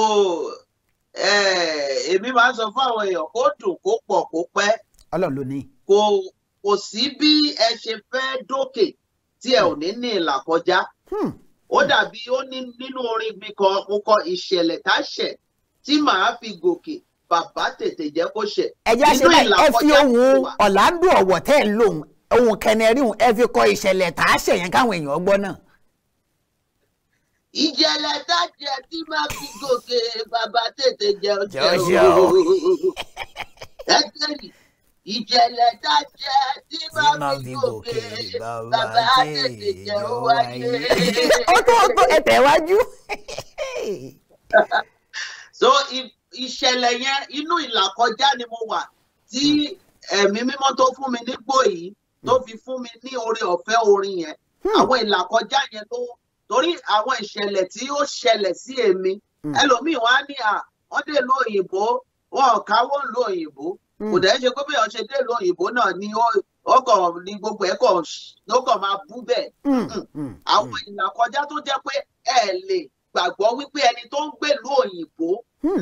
o èmi máa ń sọ fún àwọn èèyàn kó dùn kó pọ̀ kó pẹ́. Ọlọ́run ló ní. kò kò sí bí ẹ ṣe fẹ́ dókè tí ẹ ò ní ní ìlà kọjá. Hmm. ó dàbí ó ní nínú orin mi kan mo kọ ìṣẹ̀lẹ̀ tá ṣẹ̀ tí màá fi gòkè bàbá tètè jẹ́ kó ṣẹ̀. ẹ jẹ́ àṣẹ ẹ fi ohun ọ̀làǹdù ọ̀wọ̀ tẹ́ ẹ lóhùn ohun kẹnẹrí ohun ẹ fi kọ ìṣẹ̀lẹ̀ tá a ṣe yẹn káwọn èèyàn gbọ́ náà. ìjẹ̀lẹ̀ tá a jẹ tí máa fi gòkè bàbá tètè jẹ ọjọ́ o ẹ tá a jẹ tí máa fi gòkè bàbá tètè jẹ wáyé. ó tó ó tó ẹ̀tẹ̀ wájú. so ìṣẹ̀lẹ̀ yẹn inú ìlàkọjá ni mo wà tí. Mm ẹ̀mí tó fún mi nípò yìí tó fi fún mi ní oore ọ̀fẹ́ orin yẹn hmm. àwọn ìlàkọjá yẹn tó torí àwọn ìṣẹ̀lẹ̀ tí ó ṣẹlẹ̀ sí èmi hmm. ẹlòmíì wọ́n á ní à wọ́n dé lu òyìnbó wọn ò káwọ́ lu òyìnbó hmm. kò dẹ̀ ṣe gómìnà ṣe dé lu òyìnbó náà ni ọkọ̀ ni gbogbo ẹ̀ kọ̀ ló kọ̀ máa bú bẹ́ẹ̀ àwọn ìlàkọjá tó jẹ́ pé ẹ lè gbàgbọ́ wípé ẹni tó ń gbèlú òyìnbó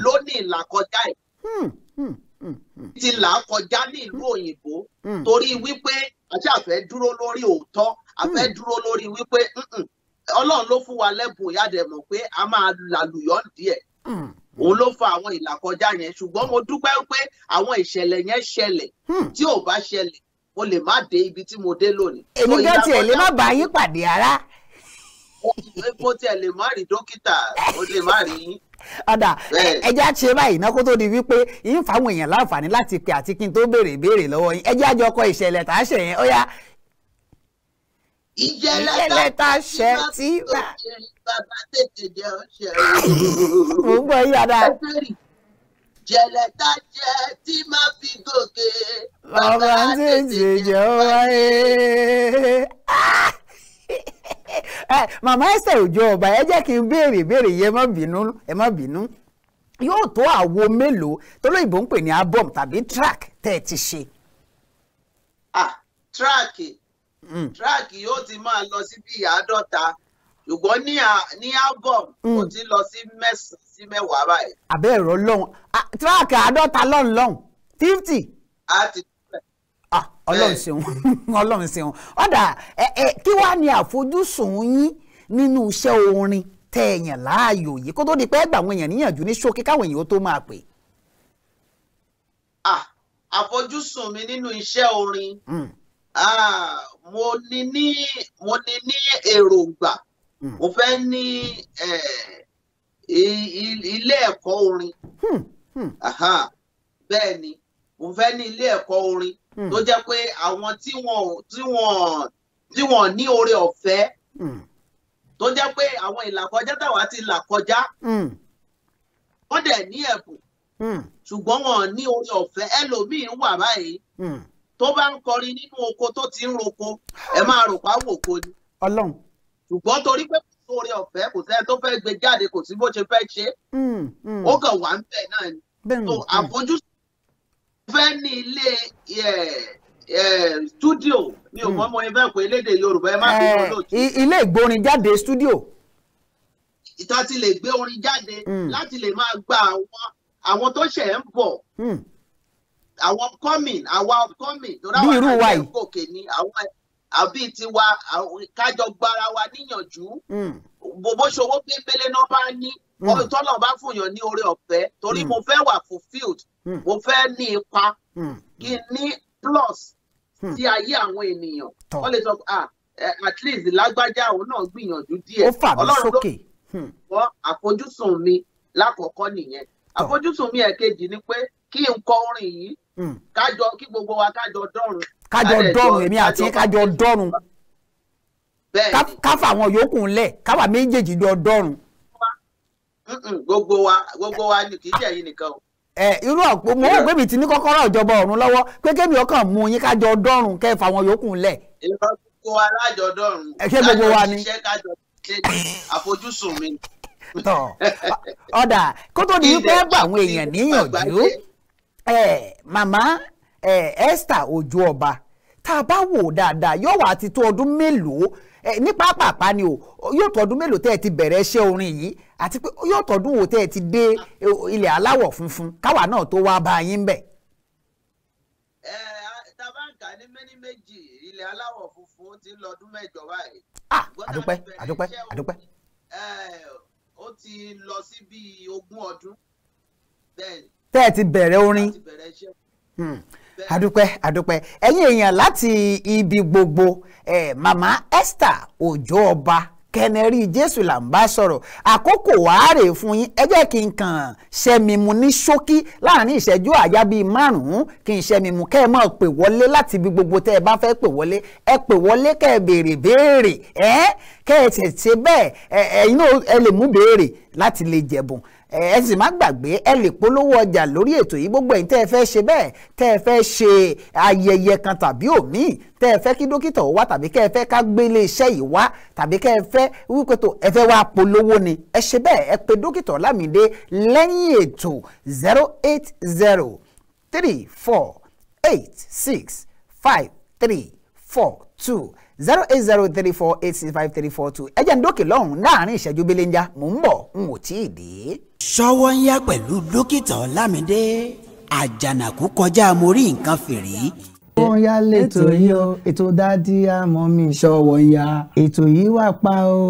ló ní ìlàkọjá ẹ̀ ti là kọjá ní ìlú òyìnbó torí wípé àti àfẹ́ dúró lórí òótọ́ àfẹ́ hmm. dúró lórí wípé ọlọ́run ló fún wa lẹ́bùn ìyáàdẹ̀ mọ̀ pé a máa làlùyọ́ díẹ̀ hmm. òun ló fa àwọn ìlàkọjá yẹn ṣùgbọ́n mo dúpẹ́ pé àwọn ìṣẹ̀lẹ̀ yẹn ṣẹlẹ̀ hmm. tí ò bá ṣẹlẹ̀ mo lè má dé ibi tí mo dé lónìí. èmi gan tiẹ̀ lè má bá yín pàdé ara. mo tiẹ̀ lè má rí dókítà mo lè má rí ọ̀dà ẹjẹ́ àṣẹ báyìí náà kó tó di wípé yìí ń fáwọn èèyàn láǹfààní láti pè àti kí n tó béèrè ìbéèrè lọ́wọ́ yín ẹjẹ́ àjọkọ ìṣẹ̀lẹ̀ tá a ṣẹ̀ yẹn ó yá. ìṣẹ̀lẹ̀ tá a ṣẹ̀ tí bàbá tètè jẹ́ ọ̀ṣẹ̀ o. mo ń gbọ́ yí dáadáa jẹlẹ tá jẹ tí máa fi gòkè. bàbá tètè jẹ́ wáyé. Ah! Eh, eh, màmá ẹsẹ̀ òjò ọba ẹ jẹ́ kí n béèrè béèrè yìí ẹ má bínú ẹ má bínú yóò tó àwo mélòó tólóyìnbó ń pè ní album tàbí track tẹ́ ẹ ti ṣe. ah track hmm. track yóò ti máa lọ sí bíi àádọ́ta ṣùgbọ́n ní ní album kò hmm. ti lọ sí mẹ́sàn-án sí mẹ́wàá báyìí. àbẹ́ ẹ̀rọ lọ́hùn ah, track àádọ́ta lọ́hùn fifty. a ti Ah, ọlọ́run eh. ṣeun ọlọ́run ṣeun ọ̀dà kí wàá ní àfojúsùn yín nínú iṣẹ́ orin tẹ èèyàn láàyò yìí kó tó di pé ẹgbà àwọn èèyàn níyànjú ní ṣókí káwọn èèyàn tó máa pè. Ah, àfojúsùn mi nínú iṣẹ́ orin hmm. ah, mo ní ní mo ní ní èròǹgbà hmm. mo fẹ́ ní eh, ilé ẹ̀kọ́ orin hmm, bẹ́ẹ̀ ni mo fẹ́ ní ilé ẹ̀kọ́ orin Hmm. tó jẹ́ pé àwọn tí wọ́n tí wọ́n tí wọ́n ní oore ọ̀fẹ́ hmm. tó jẹ́ pé àwọn ìlàkọjá táwa ti là kọjá hmm. wọ́n dẹ̀ ní ẹ̀bùn ṣùgbọ́n wọn ní oore ọ̀fẹ́ ẹlòmíín wà báyìí tó bá ń kọrin nínú oko tó ti ń roko ẹ máa rò pa wò ko ni. Ọlọ́run. ṣùgbọ́n torí pé kò sóore ọ̀fẹ́ kò sẹ́ni tó fẹ́ gbé jáde kò sí bó ṣe fẹ́ ṣe é ó kàn wá ń bẹ̀ náà ni. àfojúsùn fẹ́ ní ilé studio mi ò mọ́ mo hmm. fẹ́ pé lédè Yorùbá ẹ má fi yọ eh, lóòtú. ilé ìgbórinjáde studio. ìta ti lè gbé orin jáde hmm. láti lè máa gba àwọn àwọn tó ṣẹ̀ ń bọ̀ hmm. àwọn upcoming àwọn upcoming tó dáwà ká ní gòkè ni àwọn àbí tiwa kájọ gbára wa níyànjú bó ṣòwò pépélé náà bá ní tọ́lọ̀ bá fòyàn ní oore ọ̀fẹ́ torí mo fẹ́ wà fulfilled Hmm. mo fẹ́ ní ipa hmm. kí n ní plus hmm. sí ayé àwọn ènìyàn wọ́n lè sọ at least lágbájá òun náà gbìyànjú díẹ̀ ọlọ́run ló kọ́ àfojúsùn mi lákọ̀ọ́kọ́ nìyẹn àfojúsùn mi ẹ̀kejì ni pé kí n kọ orin yìí kájọ kí gbogbo wa kájọ dọ́run. kájọ dọ́run èmi àti kájọ dọ́run káfà àwọn yòókù ńlẹ̀ káwà méjèèjì dọ́run. gbogbo wa gbogbo wa kì í ṣe èyí nìkan o. ẹ irú àpò mo wò pé mi ti ní kọ́kọ́rọ́ ìjọba ọ̀run lọ́wọ́ pé kébì ọkàn mú yín kájọ dọ́rùn kẹ́ fàwọn yòókù ńlẹ̀. ìfọ̀ gbogbo wa lájọ dọ́rùn ṣé gbogbo wa ni àfojúsùn mi. tọ ọ̀dà kó tó di wípé bá àwọn èèyàn níyànjú màmá Esther Ojooba tá a bá wò dáadáa yóò wà á ti tó ọdún mélòó ní pápápá ni o yóò tọdún mélòó tẹ́ ẹ ti bẹ̀rẹ̀ iṣẹ́ orin yìí àti pé yóò tọdún wo tẹ́ ẹ ti dé e, ilẹ̀ aláwọ̀ funfun káwa náà tó wá bá yín bẹ̀. ẹ tabanka ní mẹ́ni méjì ilẹ̀ aláwọ̀ funfun ti ń lọ́dún mẹ́jọ báyìí. Ah, àdúpẹ́ àdúpẹ́ àdúpẹ́. ó ti lọ sí bíi ogún ọdún tẹ́ ẹ ti bẹ̀rẹ̀ orin. tẹ́ ẹ ti bẹ̀rẹ̀ iṣẹ́ hmm adúpẹ́ adúpẹ́ ẹ̀yin èèyàn láti ibi gbogbo eh, màmá Esther Òjó Ọba kẹnẹrí jésù là ń bá sọ̀rọ̀ àkókò wàárẹ̀ fún yín ẹ jẹ́ kí n kàn ṣẹ́mimu ní ṣókí láàrin ìṣẹ́jú àyá bíi márùn-ún kí n ṣẹ́mimu kẹ́ ẹ máa pè wọlé láti ibi gbogbo tẹ́ ẹ bá fẹ́ pè wọlé ẹ pè wọlé kẹ́ ẹ béèrè béèrè ẹ́ kẹ́ ẹ tẹ̀sẹ̀ bẹ́ẹ̀ ẹ̀yin náà ẹ lè mú béèrè láti lè jẹ̀bùn ẹ sì má gbàgbé ẹ lè polówó ọjà lórí ètò yìí gbogbo ẹ̀yin tẹ́ ẹ fẹ́ ṣe bẹ́ẹ̀ tẹ́ ẹ fẹ́ ṣe ayẹyẹ kan tàbí òmíì tẹ́ ẹ fẹ́ kí dókítà ó wá tàbí kẹ́ ẹ fẹ́ ká gbé iléeṣẹ́ yìí wá tàbí kẹ́ ẹ fẹ́ wípé tó ẹ fẹ́ wá polówó ni ẹ ṣe bẹ́ẹ̀ ẹ pe dókítà Ọlámídé lẹ́yìn ètò zero eight zero three four eight six five three four two zero eight zero three four eight six five three four two ẹ jẹ́ ń dókè lọ́hùn-ún láàrin ìṣẹ́jú belenja mò ń bọ̀ n ò tí dé ṣọwọ́ ń yá pẹ̀lú dókítà ọlámídé àjànàkú kọjá mo rí nǹkan fìrí. ṣọwọ́ ń yá lẹ́tò yìí o ètò dádì àmọ́ mi ṣọwọ́ ń yá. ètò yìí wà pa o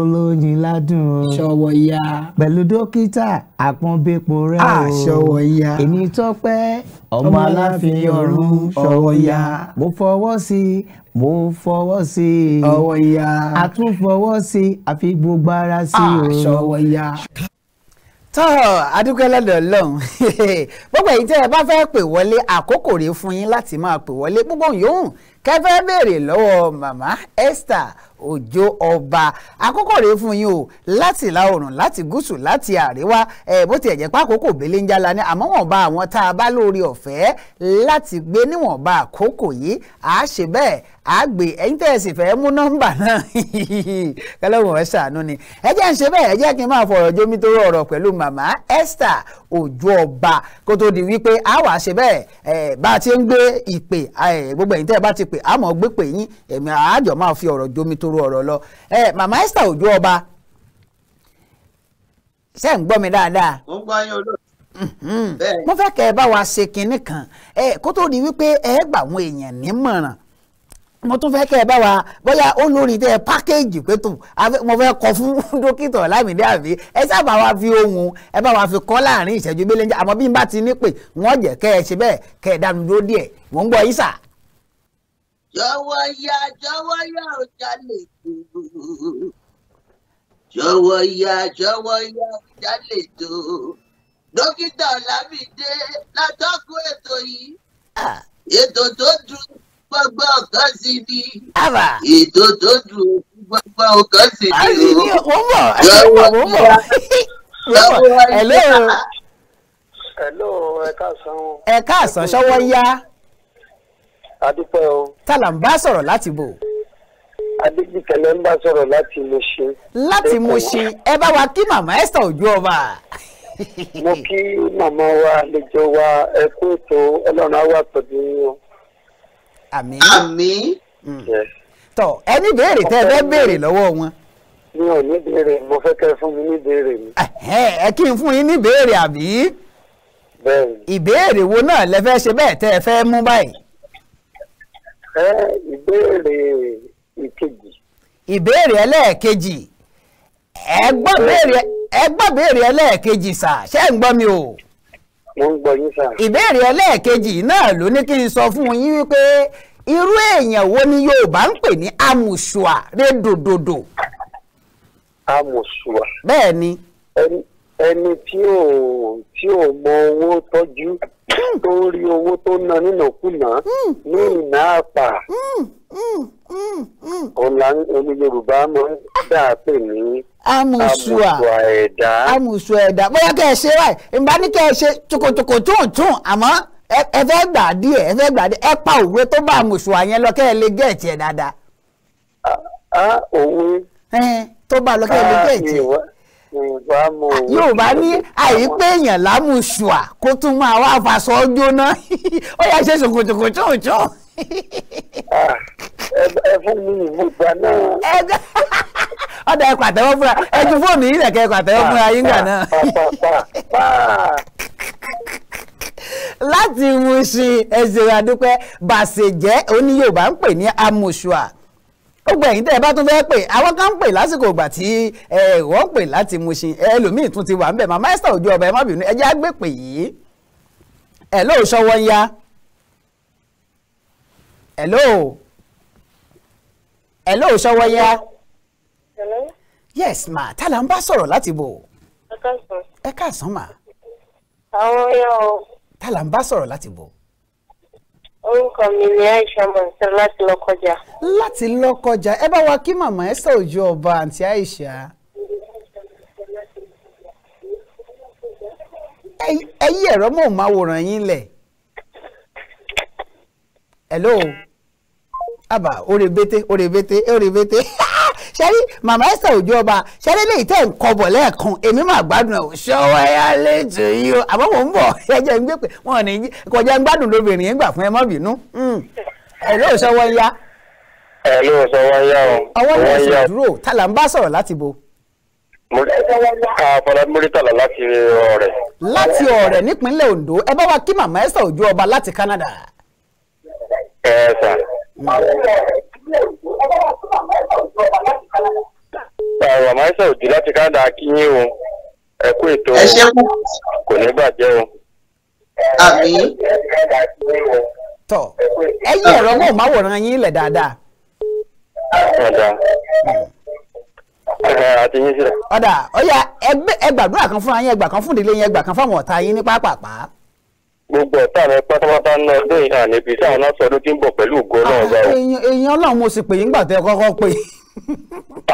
olóyin ládùn o. ṣọwọ́ ń yá. pẹ̀lú dókítà àpọ́nbẹ́pọ̀ rẹ o. ṣọwọ́ ń yá. èmi tọ́pẹ́ ọmọ aláfin ṣọwọ́ ń yá. mo fọwọ́ sí i mo fọwọ́ sí i. ọwọ́ ya. a tún fọwọ́ sí i àfi gbogbo ara sí i o. ṣọwọ́ ya tọ́ adúgbò lọ́dọ̀ lọ́hùn gbogbo èyí tẹ́ ẹ bá fẹ́ pè wọlé àkókò rèé fún yín láti máa pè wọlé gbogbo yòówù kẹfẹ́ béèrè lọ́wọ́ màmá Esther òjò ọba àkókò rèé fún yín o láti ìlà oòrùn láti gúúsù láti àríwá ẹ bó tiẹ̀ jẹ́ pákókò belenja la ní àmọ́ wọ́n bá àwọn tá a bá lórí ọ̀fẹ́ láti gbé níwọ̀nba àkókò yìí à á ṣe bẹ́ẹ̀ à á gbé ẹ̀yin tẹ́ ẹ sì fẹ́ mú nọ́mbà náà kẹlẹ́wọ̀n ẹ ṣàánú ni ẹ jẹ́ ń ṣe bẹ́ẹ̀ ẹ jẹ́ kí n máa fọ̀rọ̀ jómi tó rọrọ̀ pẹ̀lú màmá Esther òjò ọba kó tó di wípé a wàá ṣe bẹ́ẹ̀ ẹ bá a ti ń gbé ìpè gbogbo ẹ̀yin tẹ́ ẹ bá ti pè á mọ̀ gbé pè yín èmi tòrò ọ̀rọ̀ lọ ẹ màmá Esther Ojú Ọba ṣe ń gbọ́ mi dáadáa. mo gbọ́ yín olóòtú. Mhm. mo fẹ́ kẹ́ ẹ bá wa ṣe kinní kan ẹ kó tó di wípé ẹ gbà àwọn èèyàn nímọ̀ràn mo tún fẹ́ kẹ́ ẹ bá wa bóyá olórin tẹ pákéjì pé tó mo fẹ́ kọ fún dókítà Lámìdé àbí ẹ sábà wa fi ohun ẹ bá wa fi kọ́ láàrin ìṣẹ́jú gbélé àmọ́ bí n bá ti ní pè wọ́n jẹ́ kẹ́ ẹ ṣe bẹ́ẹ̀ kẹ́ ẹ dánu dúró díẹ̀ mò ń gbọ́ yín jọ̀wọ́ ya jọ̀wọ́ ya ò jalè tó jọ̀wọ́ ya jọ̀wọ́ ya ò jalè tó dókítà Ọlámídé látọkùn ètò yìí ètò tó dùn gbogbo ọkàn sí ni ètò tó dùn gbogbo ọkàn sí ni o jọ̀wọ́ ya jọ̀wọ́ ya. Hello, ẹ káàsán. ẹ káàsán ṣọwọ́ yá adúpẹ́ o. tálà ń bá sọ̀rọ̀ láti bò. adébíkẹ́lẹ́ ń bá sọ̀rọ̀ láti Mùṣín. láti Mùṣín ẹ bá wa kí màmá Esther Ojúọba. mo kí màmá wa àlejò wa ẹ kú ètò ọlọ́run á wà pẹ̀lú wọn. àmín. àmín. tọ ẹni béèrè tẹ ẹ fẹ́ béèrè lọ́wọ́ wọn mi ò ní béèrè mo fẹ́ kẹ́ fún mi ní béèrè mi. ẹ kí n fún yín ní béèrè àbí. bẹ́ẹ̀ni. ìbéèrè wo náà lẹ fẹ́ ṣe bẹ́ẹ̀ tẹ́ ẹ fẹ́ mú báyìí. ìbéèrè ìkejì. ìbéèrè ẹlẹ́ẹ̀kejì ẹ gbọ́ béèrè ẹlẹ́ẹ̀kejì sà ṣé ń gbọ́ mi o. mo ń gbọ́ yín sà. ìbéèrè ẹlẹ́ẹ̀kejì náà ló ní kí n sọ fún yín wípé irú èèyàn wo ni Yorùbá ń pè ní amùsùà rédòdòdò. amùsùà. bẹ́ẹ̀ ni. ẹni tí ò tí ò mọ owó tọ́jú. torí owó tó ná nínàkúnà hmm. ní ìná àpà hmm. hmm. ọ̀la omi Yorùbá máa ń dà pè ní amusua ẹ̀dá amusua ẹ̀dá bóyá kẹ́ ẹ ṣe báyìí ìbá ní kẹ́ ẹ ṣe tòkòtòkò tóòtún àmọ́ ẹ fẹ́ gbà díẹ̀ ẹ fẹ́ gbà díẹ̀ ẹ pa òwe tó bá amusua yẹn lọ kẹ́ ẹ lè gẹ̀ẹ́tì ẹ̀ dáadáa. a òwe tó bá lọ kẹ́ ẹ lè gẹ̀ẹ́tì. yorùbá ní àyípé èèyàn lámùsùà kó tún máa wá faṣọ jóná ó yà ṣe ṣòkòtòkòtò òjò. ẹ fún mi ìmúgbà náà. ọ̀dà ẹ̀kọ́ àtẹ́wọ́ fúnra ẹ ju fóònù yìí lẹ̀kẹ́ ẹ̀kọ́ àtẹ́wọ́ fúnra yín gbà náà. láti Mùṣin ẹ̀sìn ìràdúpẹ́ bàṣẹ̀jẹ́ oní yorùbá ń pè ní amùsùà gbogbo ẹ̀yin tẹ́ ẹ bá tún fẹ́ pè àwọn kan ń pè lásìkò ìgbà tí ẹ wọ́n pè láti Mùṣin ẹlòmíì tún ti wà ń bẹ̀ màmá Esther ojú ọba ẹ má bínú ẹjẹ́ pè yìí hello Sówónyá hello hello Sówónyá yes ma ta la ń bá sọ̀rọ̀ láti bò ẹ káàsán ma. ta la ń bá sọ̀rọ̀ láti bò orúkọ mi ni aisha mọ̀nsẹ̀ láti lọ́kọjà. láti lọ́kọjà ẹ bá wa kí màmá Esther Òjó ọba àǹtí aisha. ẹ yí ẹ̀rọ mọ̀ máa wòrán yín lẹ̀. hello àbà orebete orebete orebete ṣẹ́rí màmá Esther Ojú Ọba ṣẹ́rí lèyí tẹ̀ ń kọbọ̀ lẹ́ẹ̀kan èmi máa gbádùn ẹ̀ ṣọwọ́ ẹ̀yà lẹ́tọ̀ yìí o àmọ́ mò ń bọ̀ ẹ̀jẹ̀ ń gbé pé wọn ní kọjá ń gbádùn lóbìnrin yẹn gbà fún ẹ má bínú ẹ̀ hmm. ló ṣọwọ́ ń yá. ẹ̀ ló ṣọwọ́ o. ọwọ́ mi ẹ̀sìn dúró tálà ń bá sọ̀rọ̀ láti bo. àfọlá ah, múrítàlá láti ọ̀rẹ́. láti ọ̀rẹ́ nípínlẹ̀ Ondo ẹ bá wa kí màmá Esther Ojú Ọba láti Canada. Àwọn àmàṣà òdì láti Kánádà kí yín o, ẹ kú ètò kò ní bàjẹ́ o. Àmín. Tọ́ ẹyí ẹ̀rọ mọ̀ máwòrán yín lẹ̀ dáadáa. Ọ̀dà àti yín sílẹ̀. Ọ̀dà ọ̀yà kan kan fún ìdílé ẹgbà kan ọ̀tá yín ní gbogbo ọ̀tá mi pátápátá ń lọ ọdún ìhàn níbi tí àwọn náà sọdún tí ń bọ̀ pẹ̀lú ògo náà ah, bá wọn. èèyàn ọlọ́run mo sì pè yín gbàtẹ́ kọ́kọ́ pé.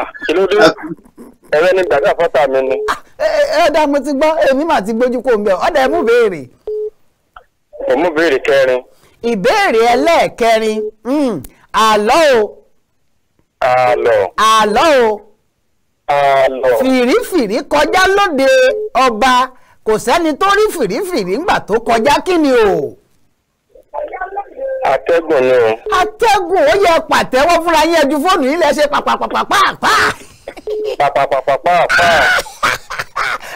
Ah, kí ló dé ah. mi ni. ẹ dá mo ti gbọ́ èmi mà ti gbójú ń bẹ̀ ọ̀dà kẹrin. ìbéèrè ẹlẹ́ẹ̀kẹrin hmm, àlọ́ o. àlọ́. àlọ́ o. àlọ́. kọjá lóde ọba. kò sẹ́ni tó rí fìrífìrí ńgbà tó kọjá kí ni o. atẹ́gùn ni o. atẹ́gùn ó yẹ pàtẹ́wọ́ fúnra yín ẹjú fóònù yín lẹ ṣe pàpàpàpàpàpà. pàpàpàpàpàpà.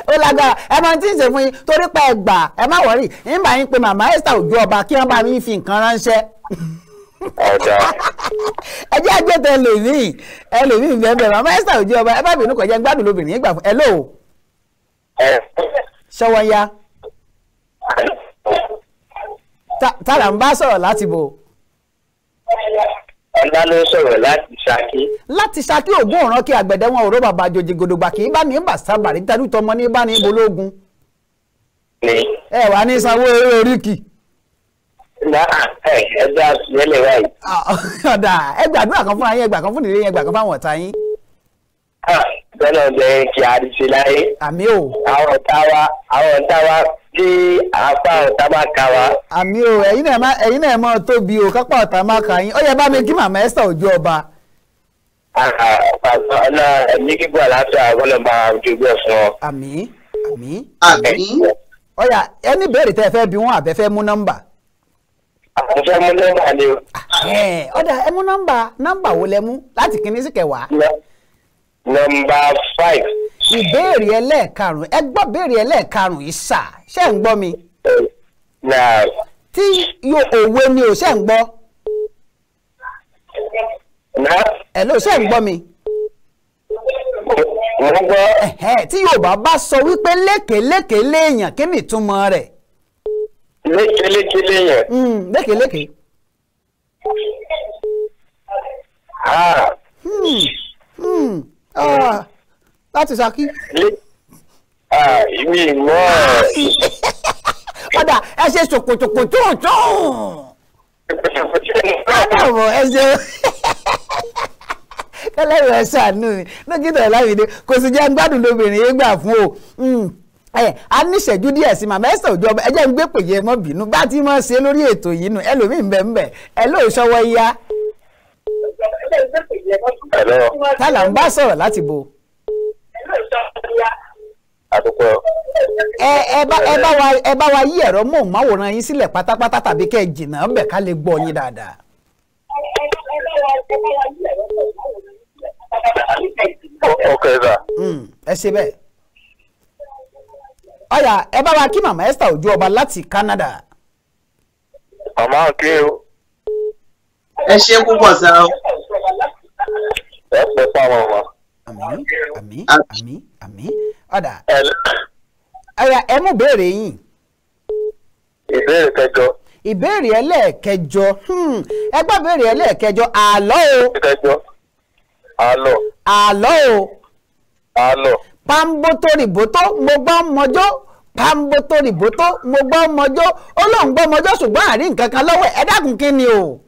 ó lágbára ẹ máa ti ń ṣe fún yín torí pa ẹgbà ẹ má wọrí yín bá yín pe màmá Esther Ojú Ọba kí wọ́n bá yín fi nǹkan ránṣẹ́ ọjà. ẹ jẹ́ àgbẹ̀tẹ̀ ẹlòmíì ẹlòmíì bẹ́ẹ̀ bẹ́ẹ̀ màmá Esther Ojú Ọba ẹ bá bínú kọjá gbádùn lóbìnrin yín gbà fún ẹ lóò ṣé wọ́n yá tààrà ń bá sọ̀rọ̀ láti bò. ọ̀la ló sọ̀rọ̀ láti ṣákí. láti ṣákí ògún ọ̀ràn kí àgbẹ̀dẹ wọn òró bàbá àjòjì gòdògbà kì í bá ní bà sábàrí tẹ́lú tọmọ ní bá ní bológun. ẹ wà ní sanwó eré oríkì. ẹgbẹ́ àtúnyẹ́lẹ̀ wáyé. ọ̀dà ẹgbẹ́ àdúrà kan fún ayé ẹgbẹ́ kan fún ìdílé yẹn ẹgbẹ́ kan fún àwọn ọ̀tá yín. sọ́nà ah, bẹ́ẹ̀ kí a rí láyé. àmì o. àwọn ọ̀tá wa àwọn ọ̀tá wa tí apá ọ̀tá ka wa. àmì o ẹ̀yin náà má ẹ̀yin o kápá ọ̀tá ka yín ó yẹ mi kí màmá Esther Ojú Ọba. Ah, ọ̀nà ẹ̀mí kíkọ́ àmì àmì. àmì. ọ̀yà ẹni tẹ́ ẹ fẹ́ bí wọ́n àbẹ́ fẹ́ mú nọ́mbà. mú nọ́mbà ni ọ̀dà ah, ẹ mú nọ́mbà nọ́mbà wo lẹ mú láti kíní sí nọmba five. ìbéèrè ẹlẹ́ẹ̀karùn-ún ẹ gbọ́ béèrè ẹlẹ́ẹ̀karùn-ún yìí sà ṣé ń gbọ́ mi. tí yo òwe ni ò ṣe ń gbọ́. ẹ ló ṣe ń gbọ́ mi. tí Yorùbá bá sọ wípé lékèélékèé léèyàn kí ni ìtumọ̀ rẹ̀. lékèélékèé léèyàn. Hmm, lékèélékèé. ah. Hmm. Hmm láti Ṣakí. ìwé ìmọ̀ ọ̀dà ẹ ṣe ṣòkòtòkò tó tó. ọ̀dàwọ̀ ẹ ṣe kẹlẹ́rìí ẹ ṣàánú mi dókítà ọ̀làmídé kò sì jẹ́ gbádùn lóbìnrin yẹn gbà fún o ẹ hmm. eh, a ní ìṣẹ́jú díẹ̀ sí màmá ẹ̀sẹ̀ òjò ọba ẹjẹ́ ń gbé pèyẹ mọ́ bínú bá ti mọ̀ ṣe lórí ètò yìí nù ẹlòmíì ń bẹ̀ ń bẹ̀ ẹ lóò ṣọwọ́ yá. tálà ń bá sọ̀rọ̀ láti bo. ẹ ẹ bá ẹ bá wa ẹ bá wa yí ẹ̀rọ móhùnmáwòrán yín sílẹ̀ pátápátá tàbí kẹ́ ẹ jìnnà bẹ̀ ká lè gbọ́ yín dáadáa. ok sir. Hmm, ẹ ṣe bẹ́ẹ̀. ọ̀yà ẹ bá wa kí màmá Esther Ojúọba láti Canada. màmá kí o. ẹ ṣe púpọ̀ sá o. ẹ pẹ́ fáwọn ọmọ. àmì àmì ah. àmì àmì ọ̀dà. ara ẹ mú béèrè yín. ìbéèrè kẹjọ. ìbéèrè ẹlẹ́ẹ̀kẹjọ hmm. ẹ gbọ́ béèrè ẹlẹ́ẹ̀kẹjọ àlọ́ o. kẹjọ àlọ́. àlọ́ o. àlọ́. pamboto riboto mo gbọ́ mọjọ́ pamboto riboto mo gbọ́ mọjọ́ ó lóun gbọ́ mọjọ́ ṣùgbọ́n àrí nǹkan kan lọ́wọ́ ẹ dákun kí ni o.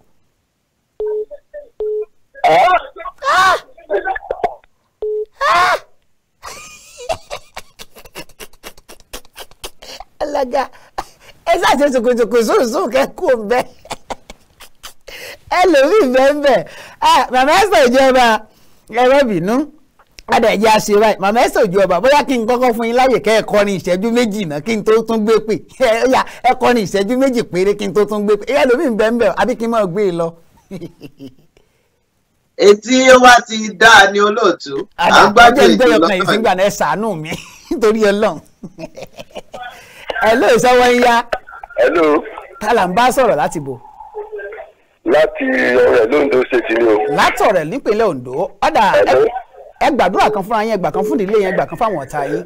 alága ẹ ṣàṣe ṣòkòṣòkò sóòsó kẹ́kọ̀ọ́ bẹ́ẹ̀ ẹ lòmí bẹ́ẹ̀ màmá ẹ sọ ìjọba ẹ má bínú padà ẹ̀jẹ̀ àṣẹ báyìí màmá ẹ̀sẹ̀ òjò ọba bóyá kí n kọ́kọ́ fún yín láyè kẹ́ ẹ kọrin ìṣẹ́jú méjì náà kí n tó tún gbé pè ẹ̀yà ẹ kọrin ìṣẹ́jú méjì péré kí n tó tún gbé pè ẹ̀yà lómi ń bẹ́ẹ̀ ń bẹ́ẹ̀ àbí kí n máa gbé e lọ. etí ó bá ti dáa ní olóòtú. àgbàjọ ìgbẹ́yọ̀ kan ìsìngbà náà ẹ ṣàánú mi nítorí ọlọ́run. hello ìṣọwọ́ ń yá. hello. tálà ń bá sọ̀rọ̀ láti bò. láti ọ̀rẹ́ londo ṣètì ni o. látọ̀rẹ́ nípínlẹ̀ Ondo ọ̀dà ẹ gbàdúrà kan fúnra yín ẹ gbà kan fún ìdílé yín ẹ gbà kan fáwọn ọ̀tá yín.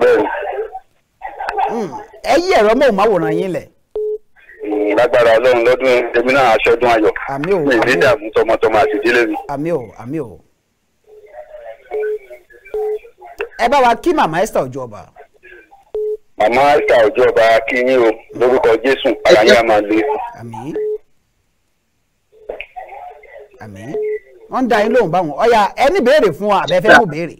bẹ́ẹ̀ni. Hmm. ẹ yí ẹ̀rọ mọ́ òmáwòrán yín lẹ̀. lágbára ọlọ́run lọ́dún èmi náà aṣọ́dún ayọ̀ mi ní dààmú tọmọtọmọ àti ìdílé mi. àmì o àmì o. ẹ bá wa kí màmá Esther Ojooba. màmá Esther Ojooba kí yín o lórúkọ Jésù ara yín á máa le. àmín àmín wọ́n ń da yín lóhùn báwọn ọ̀ya ẹni béèrè fún wa àbẹ́fẹ́ kò béèrè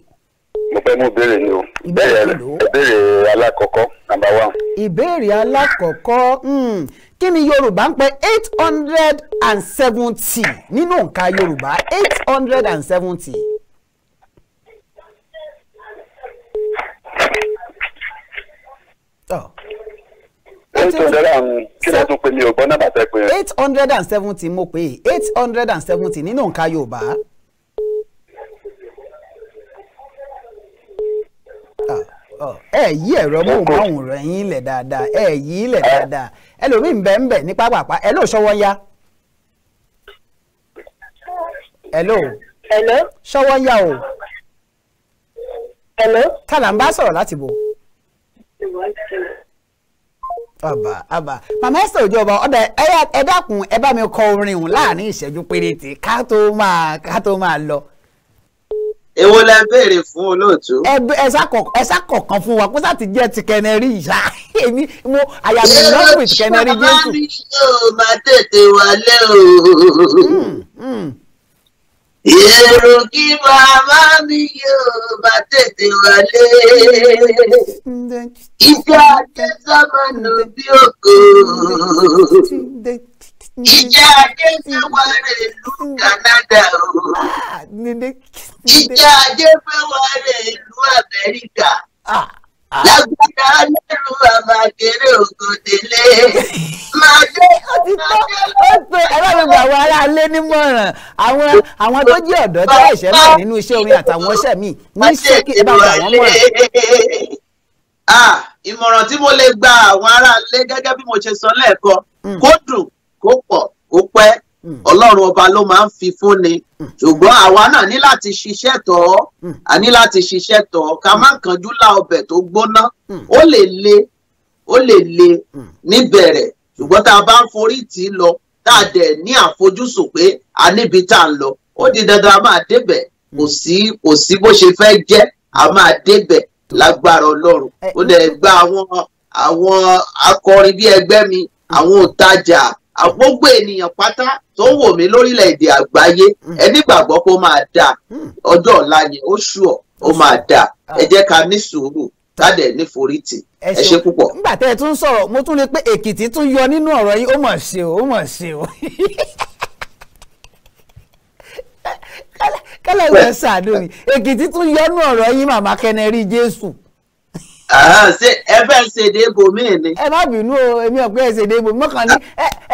mo fẹ́ mú béèrè ni o béèrè béèrè alákọ̀ọ́kọ́ nàmbà wán. ìbéèrè alákọ̀ọ́kọ́ hmm, kí ni yorùbá ń pè eight hundred and seventy nínú òǹkà yorùbá eight hundred and seventy. eight hundred and kí ló tún pè mí gbọ́ náà bàtẹ́ pé. eight hundred and seventy mo pè eight hundred and seventy nínú òǹkà yorùbá. ẹ yí ẹ̀rọ móhùnmáwòrán yín lẹ̀ dáadáa ẹ yí lẹ̀ dáadáa ẹlòmíín bẹ́ẹ̀ ń bẹ̀ ní pápápá ẹ lóò ṣọwọ́ ya. hello. hello. ṣọwọ́ ya o. hello. tàlà ń bá sọ̀rọ̀ láti bò. àbà àbà màmá Esther Ojooba ọ̀dà ẹ dákun ẹ bá mi kọ orin hùn láàrin ìṣẹ́jú péréte ká tó máa ká tó máa lọ èwo lẹ béèrè fún olóòtú. ẹ ṣàkọ̀kan fún wa kó sáàtì jẹ́ ti kẹnẹrí ìṣá èmi mo àyàmì lọ́wọ́ with kẹnẹrí jésù. ẹ̀rọ mi yóò máa tètè wálé o. Hmm, hmm. èrò kí màmá mi yóò máa tètè wálé. ìjà àjẹsámánù bí òkò. Ìjà ajé fẹ́ wọlé ìlú Canada o. Ìjà ajé fẹ́ wọlé ìlú Amẹ́ríkà. Lágbára lẹ́rù àmàgéré ògòdélé. Màdé Màdé lọ́pẹ́. Ẹ bá mi gba àwọn ará ilé nímọ̀ràn. Àwọn àwọn tó jẹ́ ọ̀dọ́ tẹ́ ẹ̀ṣẹ́ mọ̀ nínú iṣẹ́ orin àtàwọn iṣẹ́ míì. Ní ṣókè bá mi gba mọ̀ràn. Ah, ìmọ̀ràn tí mo lè gba àwọn ará gẹ́gẹ́ bí mo ṣe sọ lẹ́ẹ̀kan hmm. kó dùn kó pọ̀ kó pẹ́ hmm. ọlọ́run ọba ló máa ń fi fúnni hmm. ṣùgbọ́n àwa náà ní láti ṣiṣẹ́ tọ́ hmm. a ní láti ṣiṣẹ́ tọ́ ká má kánjú lá ọbẹ̀ tó gbóná ó lè le ó lè le níbẹ̀rẹ̀ ṣùgbọ́n tá a bá ń forí tì í lọ tá a dẹ̀ ní àfojúsùn pé a níbi tá a ń lọ ó di dandan a máa débẹ̀ kò sí kò sí bó ṣe fẹ́ jẹ́ a máa débẹ̀ lágbára ọlọ́run ó eh, dẹ̀ eh. gba àwọn àwọn akọrin bíi ẹgbẹ́ mi àwọn òtajà gbogbo ènìyàn pátá tó wò mí lórílẹ̀‐èdè àgbáyé hmm. ẹ nígbàgbọ́ pé ó máa dáa hmm. ọjọ́ ọ̀la ni ó ṣù ọ́ ó máa dáa ah. ẹ jẹ́ ká ní sùúrù tádẹ̀ níforítì ẹ ṣe púpọ̀. nígbà tẹ́ ẹ tún sọ̀rọ̀ mo tún rí i pé èkìtì tún yọ nínú ọ̀rọ̀ yìí ó mọ̀ ṣe o ó mọ̀ ṣe o kálá ìwé ṣàánú ni èkìtì tún yọ nínú ọ̀rọ̀ yìí màmá kẹnẹrí jésù. ṣe ẹ fẹ́ bínú èmi ò pé ẹ mọ́kàn ní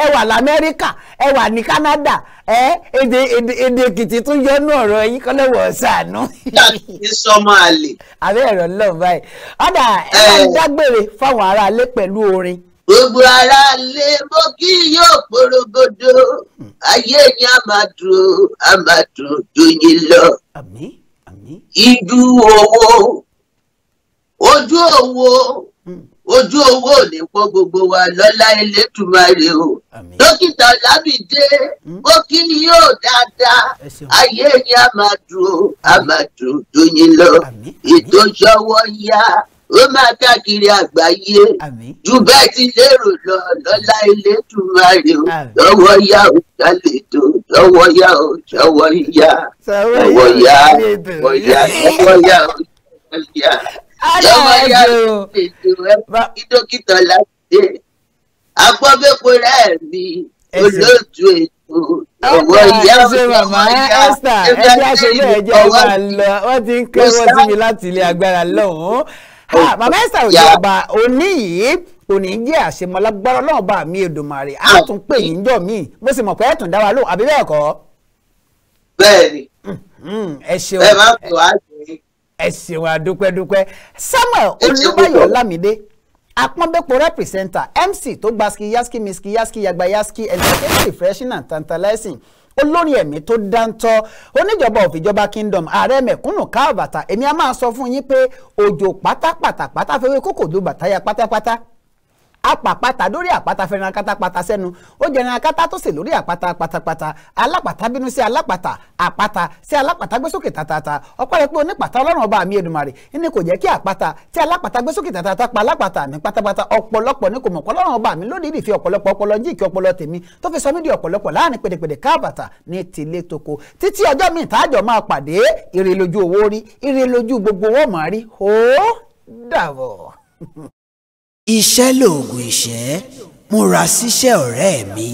ẹ wà lamẹ́ríkà ẹ wà ní Canada ẹ èdè èdè èdè èkìtì tún ọ̀rọ̀ yìí ṣàánú. báyìí ẹ bá ń dágbére fáwọn aráalé orin. gbogbo aráalé mo kí yóò porogodo ayé ni a máa dùn a máa dùn dùn ojú owó hmm. ojú owó ò ní pọ́ gbogbo wa lọ́lá elétùmarè o dókítà Ọlámídé hmm. ó kí ni yóò dáadáa ayé yín á máa dùn ó á máa dùn dùnyìn lọ ètò ìṣọwọ́ yá ó máa káàkiri àgbáyé jù bẹ́ẹ̀ ti lérò lọ lọ́lá elétùmarè o lọ́wọ́ yá o ṣàlètò lọ́wọ́ yá o ṣọwọ́ yá lọ́wọ́ yá lọ́wọ́ yá o ṣọwọ́ lọ́mọ yá ètò ẹ̀fí dókítà láti agbọ́bẹ́pọ̀ rẹ̀ mi olóòtú ètò oh ọwọ́ ìyá ọmọ ìyá Esther ẹgbẹ́ àṣẹlẹ̀ ẹ̀jẹ̀ máa lọ wọ́n ti ń kẹ́wọ́ sí mi láti ilé agbára lọ́hùn-ún. bàbá Esther òjò ọba òní yìí òní jẹ́ àṣemọ́lágbára náà bá mi Èdùmàrè á tún pè yín jọ míì mo sì mọ̀ pé ẹ̀ tún dá wa lóhùn àbí bẹ́ẹ̀ kọ́. bẹ́ẹ̀ni mm-hmm. ẹ ṣeun ẹ má tó á ẹ ṣeun adúpẹ́dúpẹ́ Samuel Olúbáyọ̀ Lámídé apọ́nbẹ́pọ̀ rẹ́pìrìsẹ́ńtà MC tó gba yaski, miskiyaski yaski. entertainment refreshing and tantalizing olórin ẹ̀mí tó dáńtọ́ oníjọba òfìjọba kingdom ààrẹ mẹ̀kúnnù káàbàtà èmi a máa sọ fún yín pé òjò pátápátá pátáfẹ́wé kókò dùn bàtáyà pátápátá apàpàtà lórí àpáta fẹ́ràn akátá pata sẹ́nu ó jẹran akátá tó sè lórí àpáta patapata alápàtà bínú sí alápàtà àpáta sí alápàtà gbésókè tatata ọpẹ́ rẹ pé onípàtà ọlọ́run ọba mi Èdùmàrè ní kò jẹ́ kí àpáta tí alápàtà gbésókè tatata pa alápàtà mi pátápátá ọ̀pọ̀lọpọ̀ ní kò mọ̀ ọlọ́run ọba mi lónìí ìdìfi ọ̀pọ̀lọpọ̀ ọpọlọ jíìkì ọpọlọ tèmi tó fi sọ mí di ọ̀pọ̀lọpọ̀ láàrin pèdèpèdè káàbàtà ní tilé toko títí ọjọ́ mi ìtajọ máa pàdé ire lójú owó rí ire lójú gbogbo owó màá rí ó dàbọ̀. iṣẹ́ lóògùn ìṣẹ́ múra síṣẹ́ ọ̀rẹ́ mi.